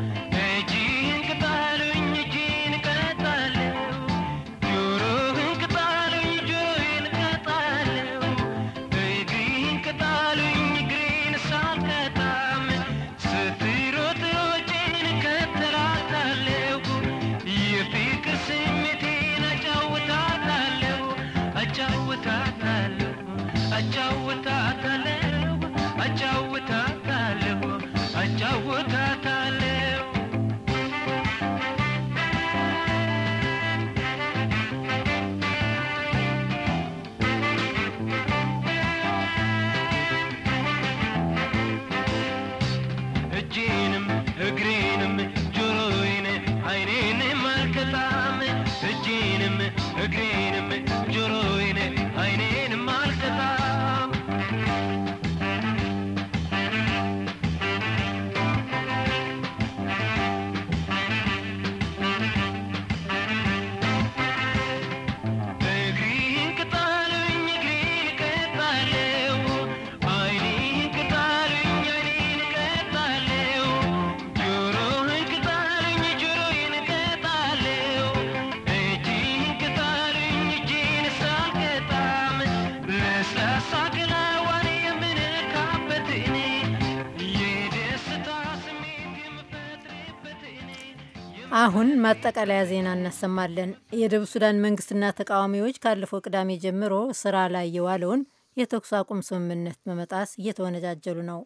አሁን ማጠቃለያ ዜና እናሰማለን። የደቡብ ሱዳን መንግስትና ተቃዋሚዎች ካለፈው ቅዳሜ ጀምሮ ስራ ላይ የዋለውን የተኩስ አቁም ስምምነት በመጣስ እየተወነጃጀሉ ነው።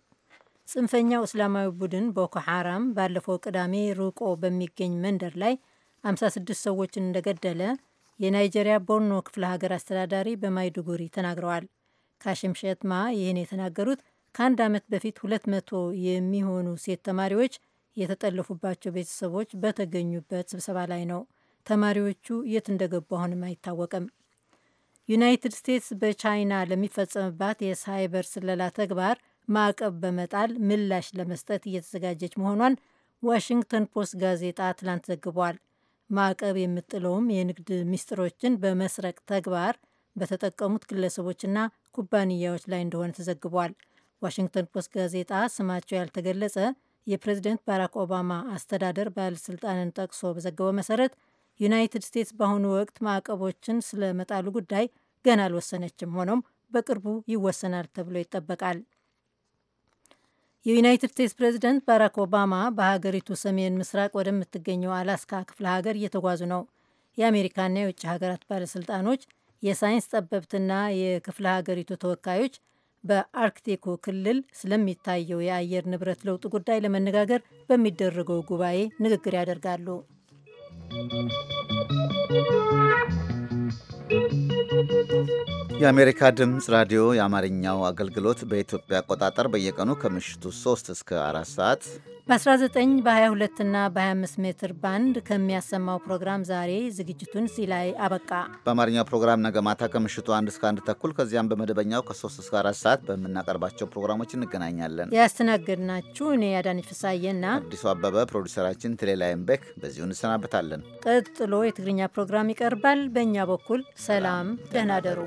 ጽንፈኛው እስላማዊ ቡድን ቦኮ ሐራም ባለፈው ቅዳሜ ሩቆ በሚገኝ መንደር ላይ 56 ሰዎችን እንደገደለ የናይጄሪያ ቦርኖ ክፍለ ሀገር አስተዳዳሪ በማይዱጉሪ ተናግረዋል። ካሽም ሸትማ ይህን የተናገሩት ከአንድ ዓመት በፊት 200 የሚሆኑ ሴት ተማሪዎች የተጠለፉባቸው ቤተሰቦች በተገኙበት ስብሰባ ላይ ነው። ተማሪዎቹ የት እንደገቡ አሁንም አይታወቅም። ዩናይትድ ስቴትስ በቻይና ለሚፈጸምባት የሳይበር ስለላ ተግባር ማዕቀብ በመጣል ምላሽ ለመስጠት እየተዘጋጀች መሆኗን ዋሽንግተን ፖስት ጋዜጣ ትላንት ዘግቧል። ማዕቀብ የምጥለውም የንግድ ሚስጥሮችን በመስረቅ ተግባር በተጠቀሙት ግለሰቦችና ኩባንያዎች ላይ እንደሆነ ተዘግቧል። ዋሽንግተን ፖስት ጋዜጣ ስማቸው ያልተገለጸ የፕሬዝደንት ባራክ ኦባማ አስተዳደር ባለስልጣንን ጠቅሶ በዘገበው መሰረት ዩናይትድ ስቴትስ በአሁኑ ወቅት ማዕቀቦችን ስለመጣሉ ጉዳይ ገና አልወሰነችም። ሆኖም በቅርቡ ይወሰናል ተብሎ ይጠበቃል። የዩናይትድ ስቴትስ ፕሬዝደንት ባራክ ኦባማ በሀገሪቱ ሰሜን ምስራቅ ወደምትገኘው አላስካ ክፍለ ሀገር እየተጓዙ ነው። የአሜሪካና የውጭ ሀገራት ባለስልጣኖች፣ የሳይንስ ጠበብትና የክፍለ ሀገሪቱ ተወካዮች በአርክቲኩ ክልል ስለሚታየው የአየር ንብረት ለውጥ ጉዳይ ለመነጋገር በሚደረገው ጉባኤ ንግግር ያደርጋሉ። የአሜሪካ ድምፅ ራዲዮ የአማርኛው አገልግሎት በኢትዮጵያ አቆጣጠር በየቀኑ ከምሽቱ 3 እስከ 4 ሰዓት በ19 በ22 እና በ25 ሜትር ባንድ ከሚያሰማው ፕሮግራም ዛሬ ዝግጅቱን እዚህ ላይ አበቃ። በአማርኛው ፕሮግራም ነገ ማታ ከምሽቱ አንድ እስከ አንድ ተኩል ከዚያም በመደበኛው ከ3 እስከ 4 ሰዓት በምናቀርባቸው ፕሮግራሞች እንገናኛለን። ያስተናገድናችሁ እኔ አዳነች ፍሳዬና አዲሱ አበበ፣ ፕሮዲሰራችን ትሌላይም ቤክ። በዚሁ እንሰናበታለን። ቀጥሎ የትግርኛ ፕሮግራም ይቀርባል። በእኛ በኩል ሰላም፣ ደህና ደሩ።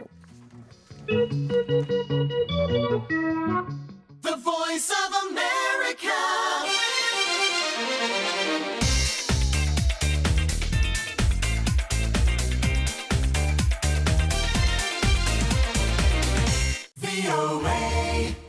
The Voice of America. O.A.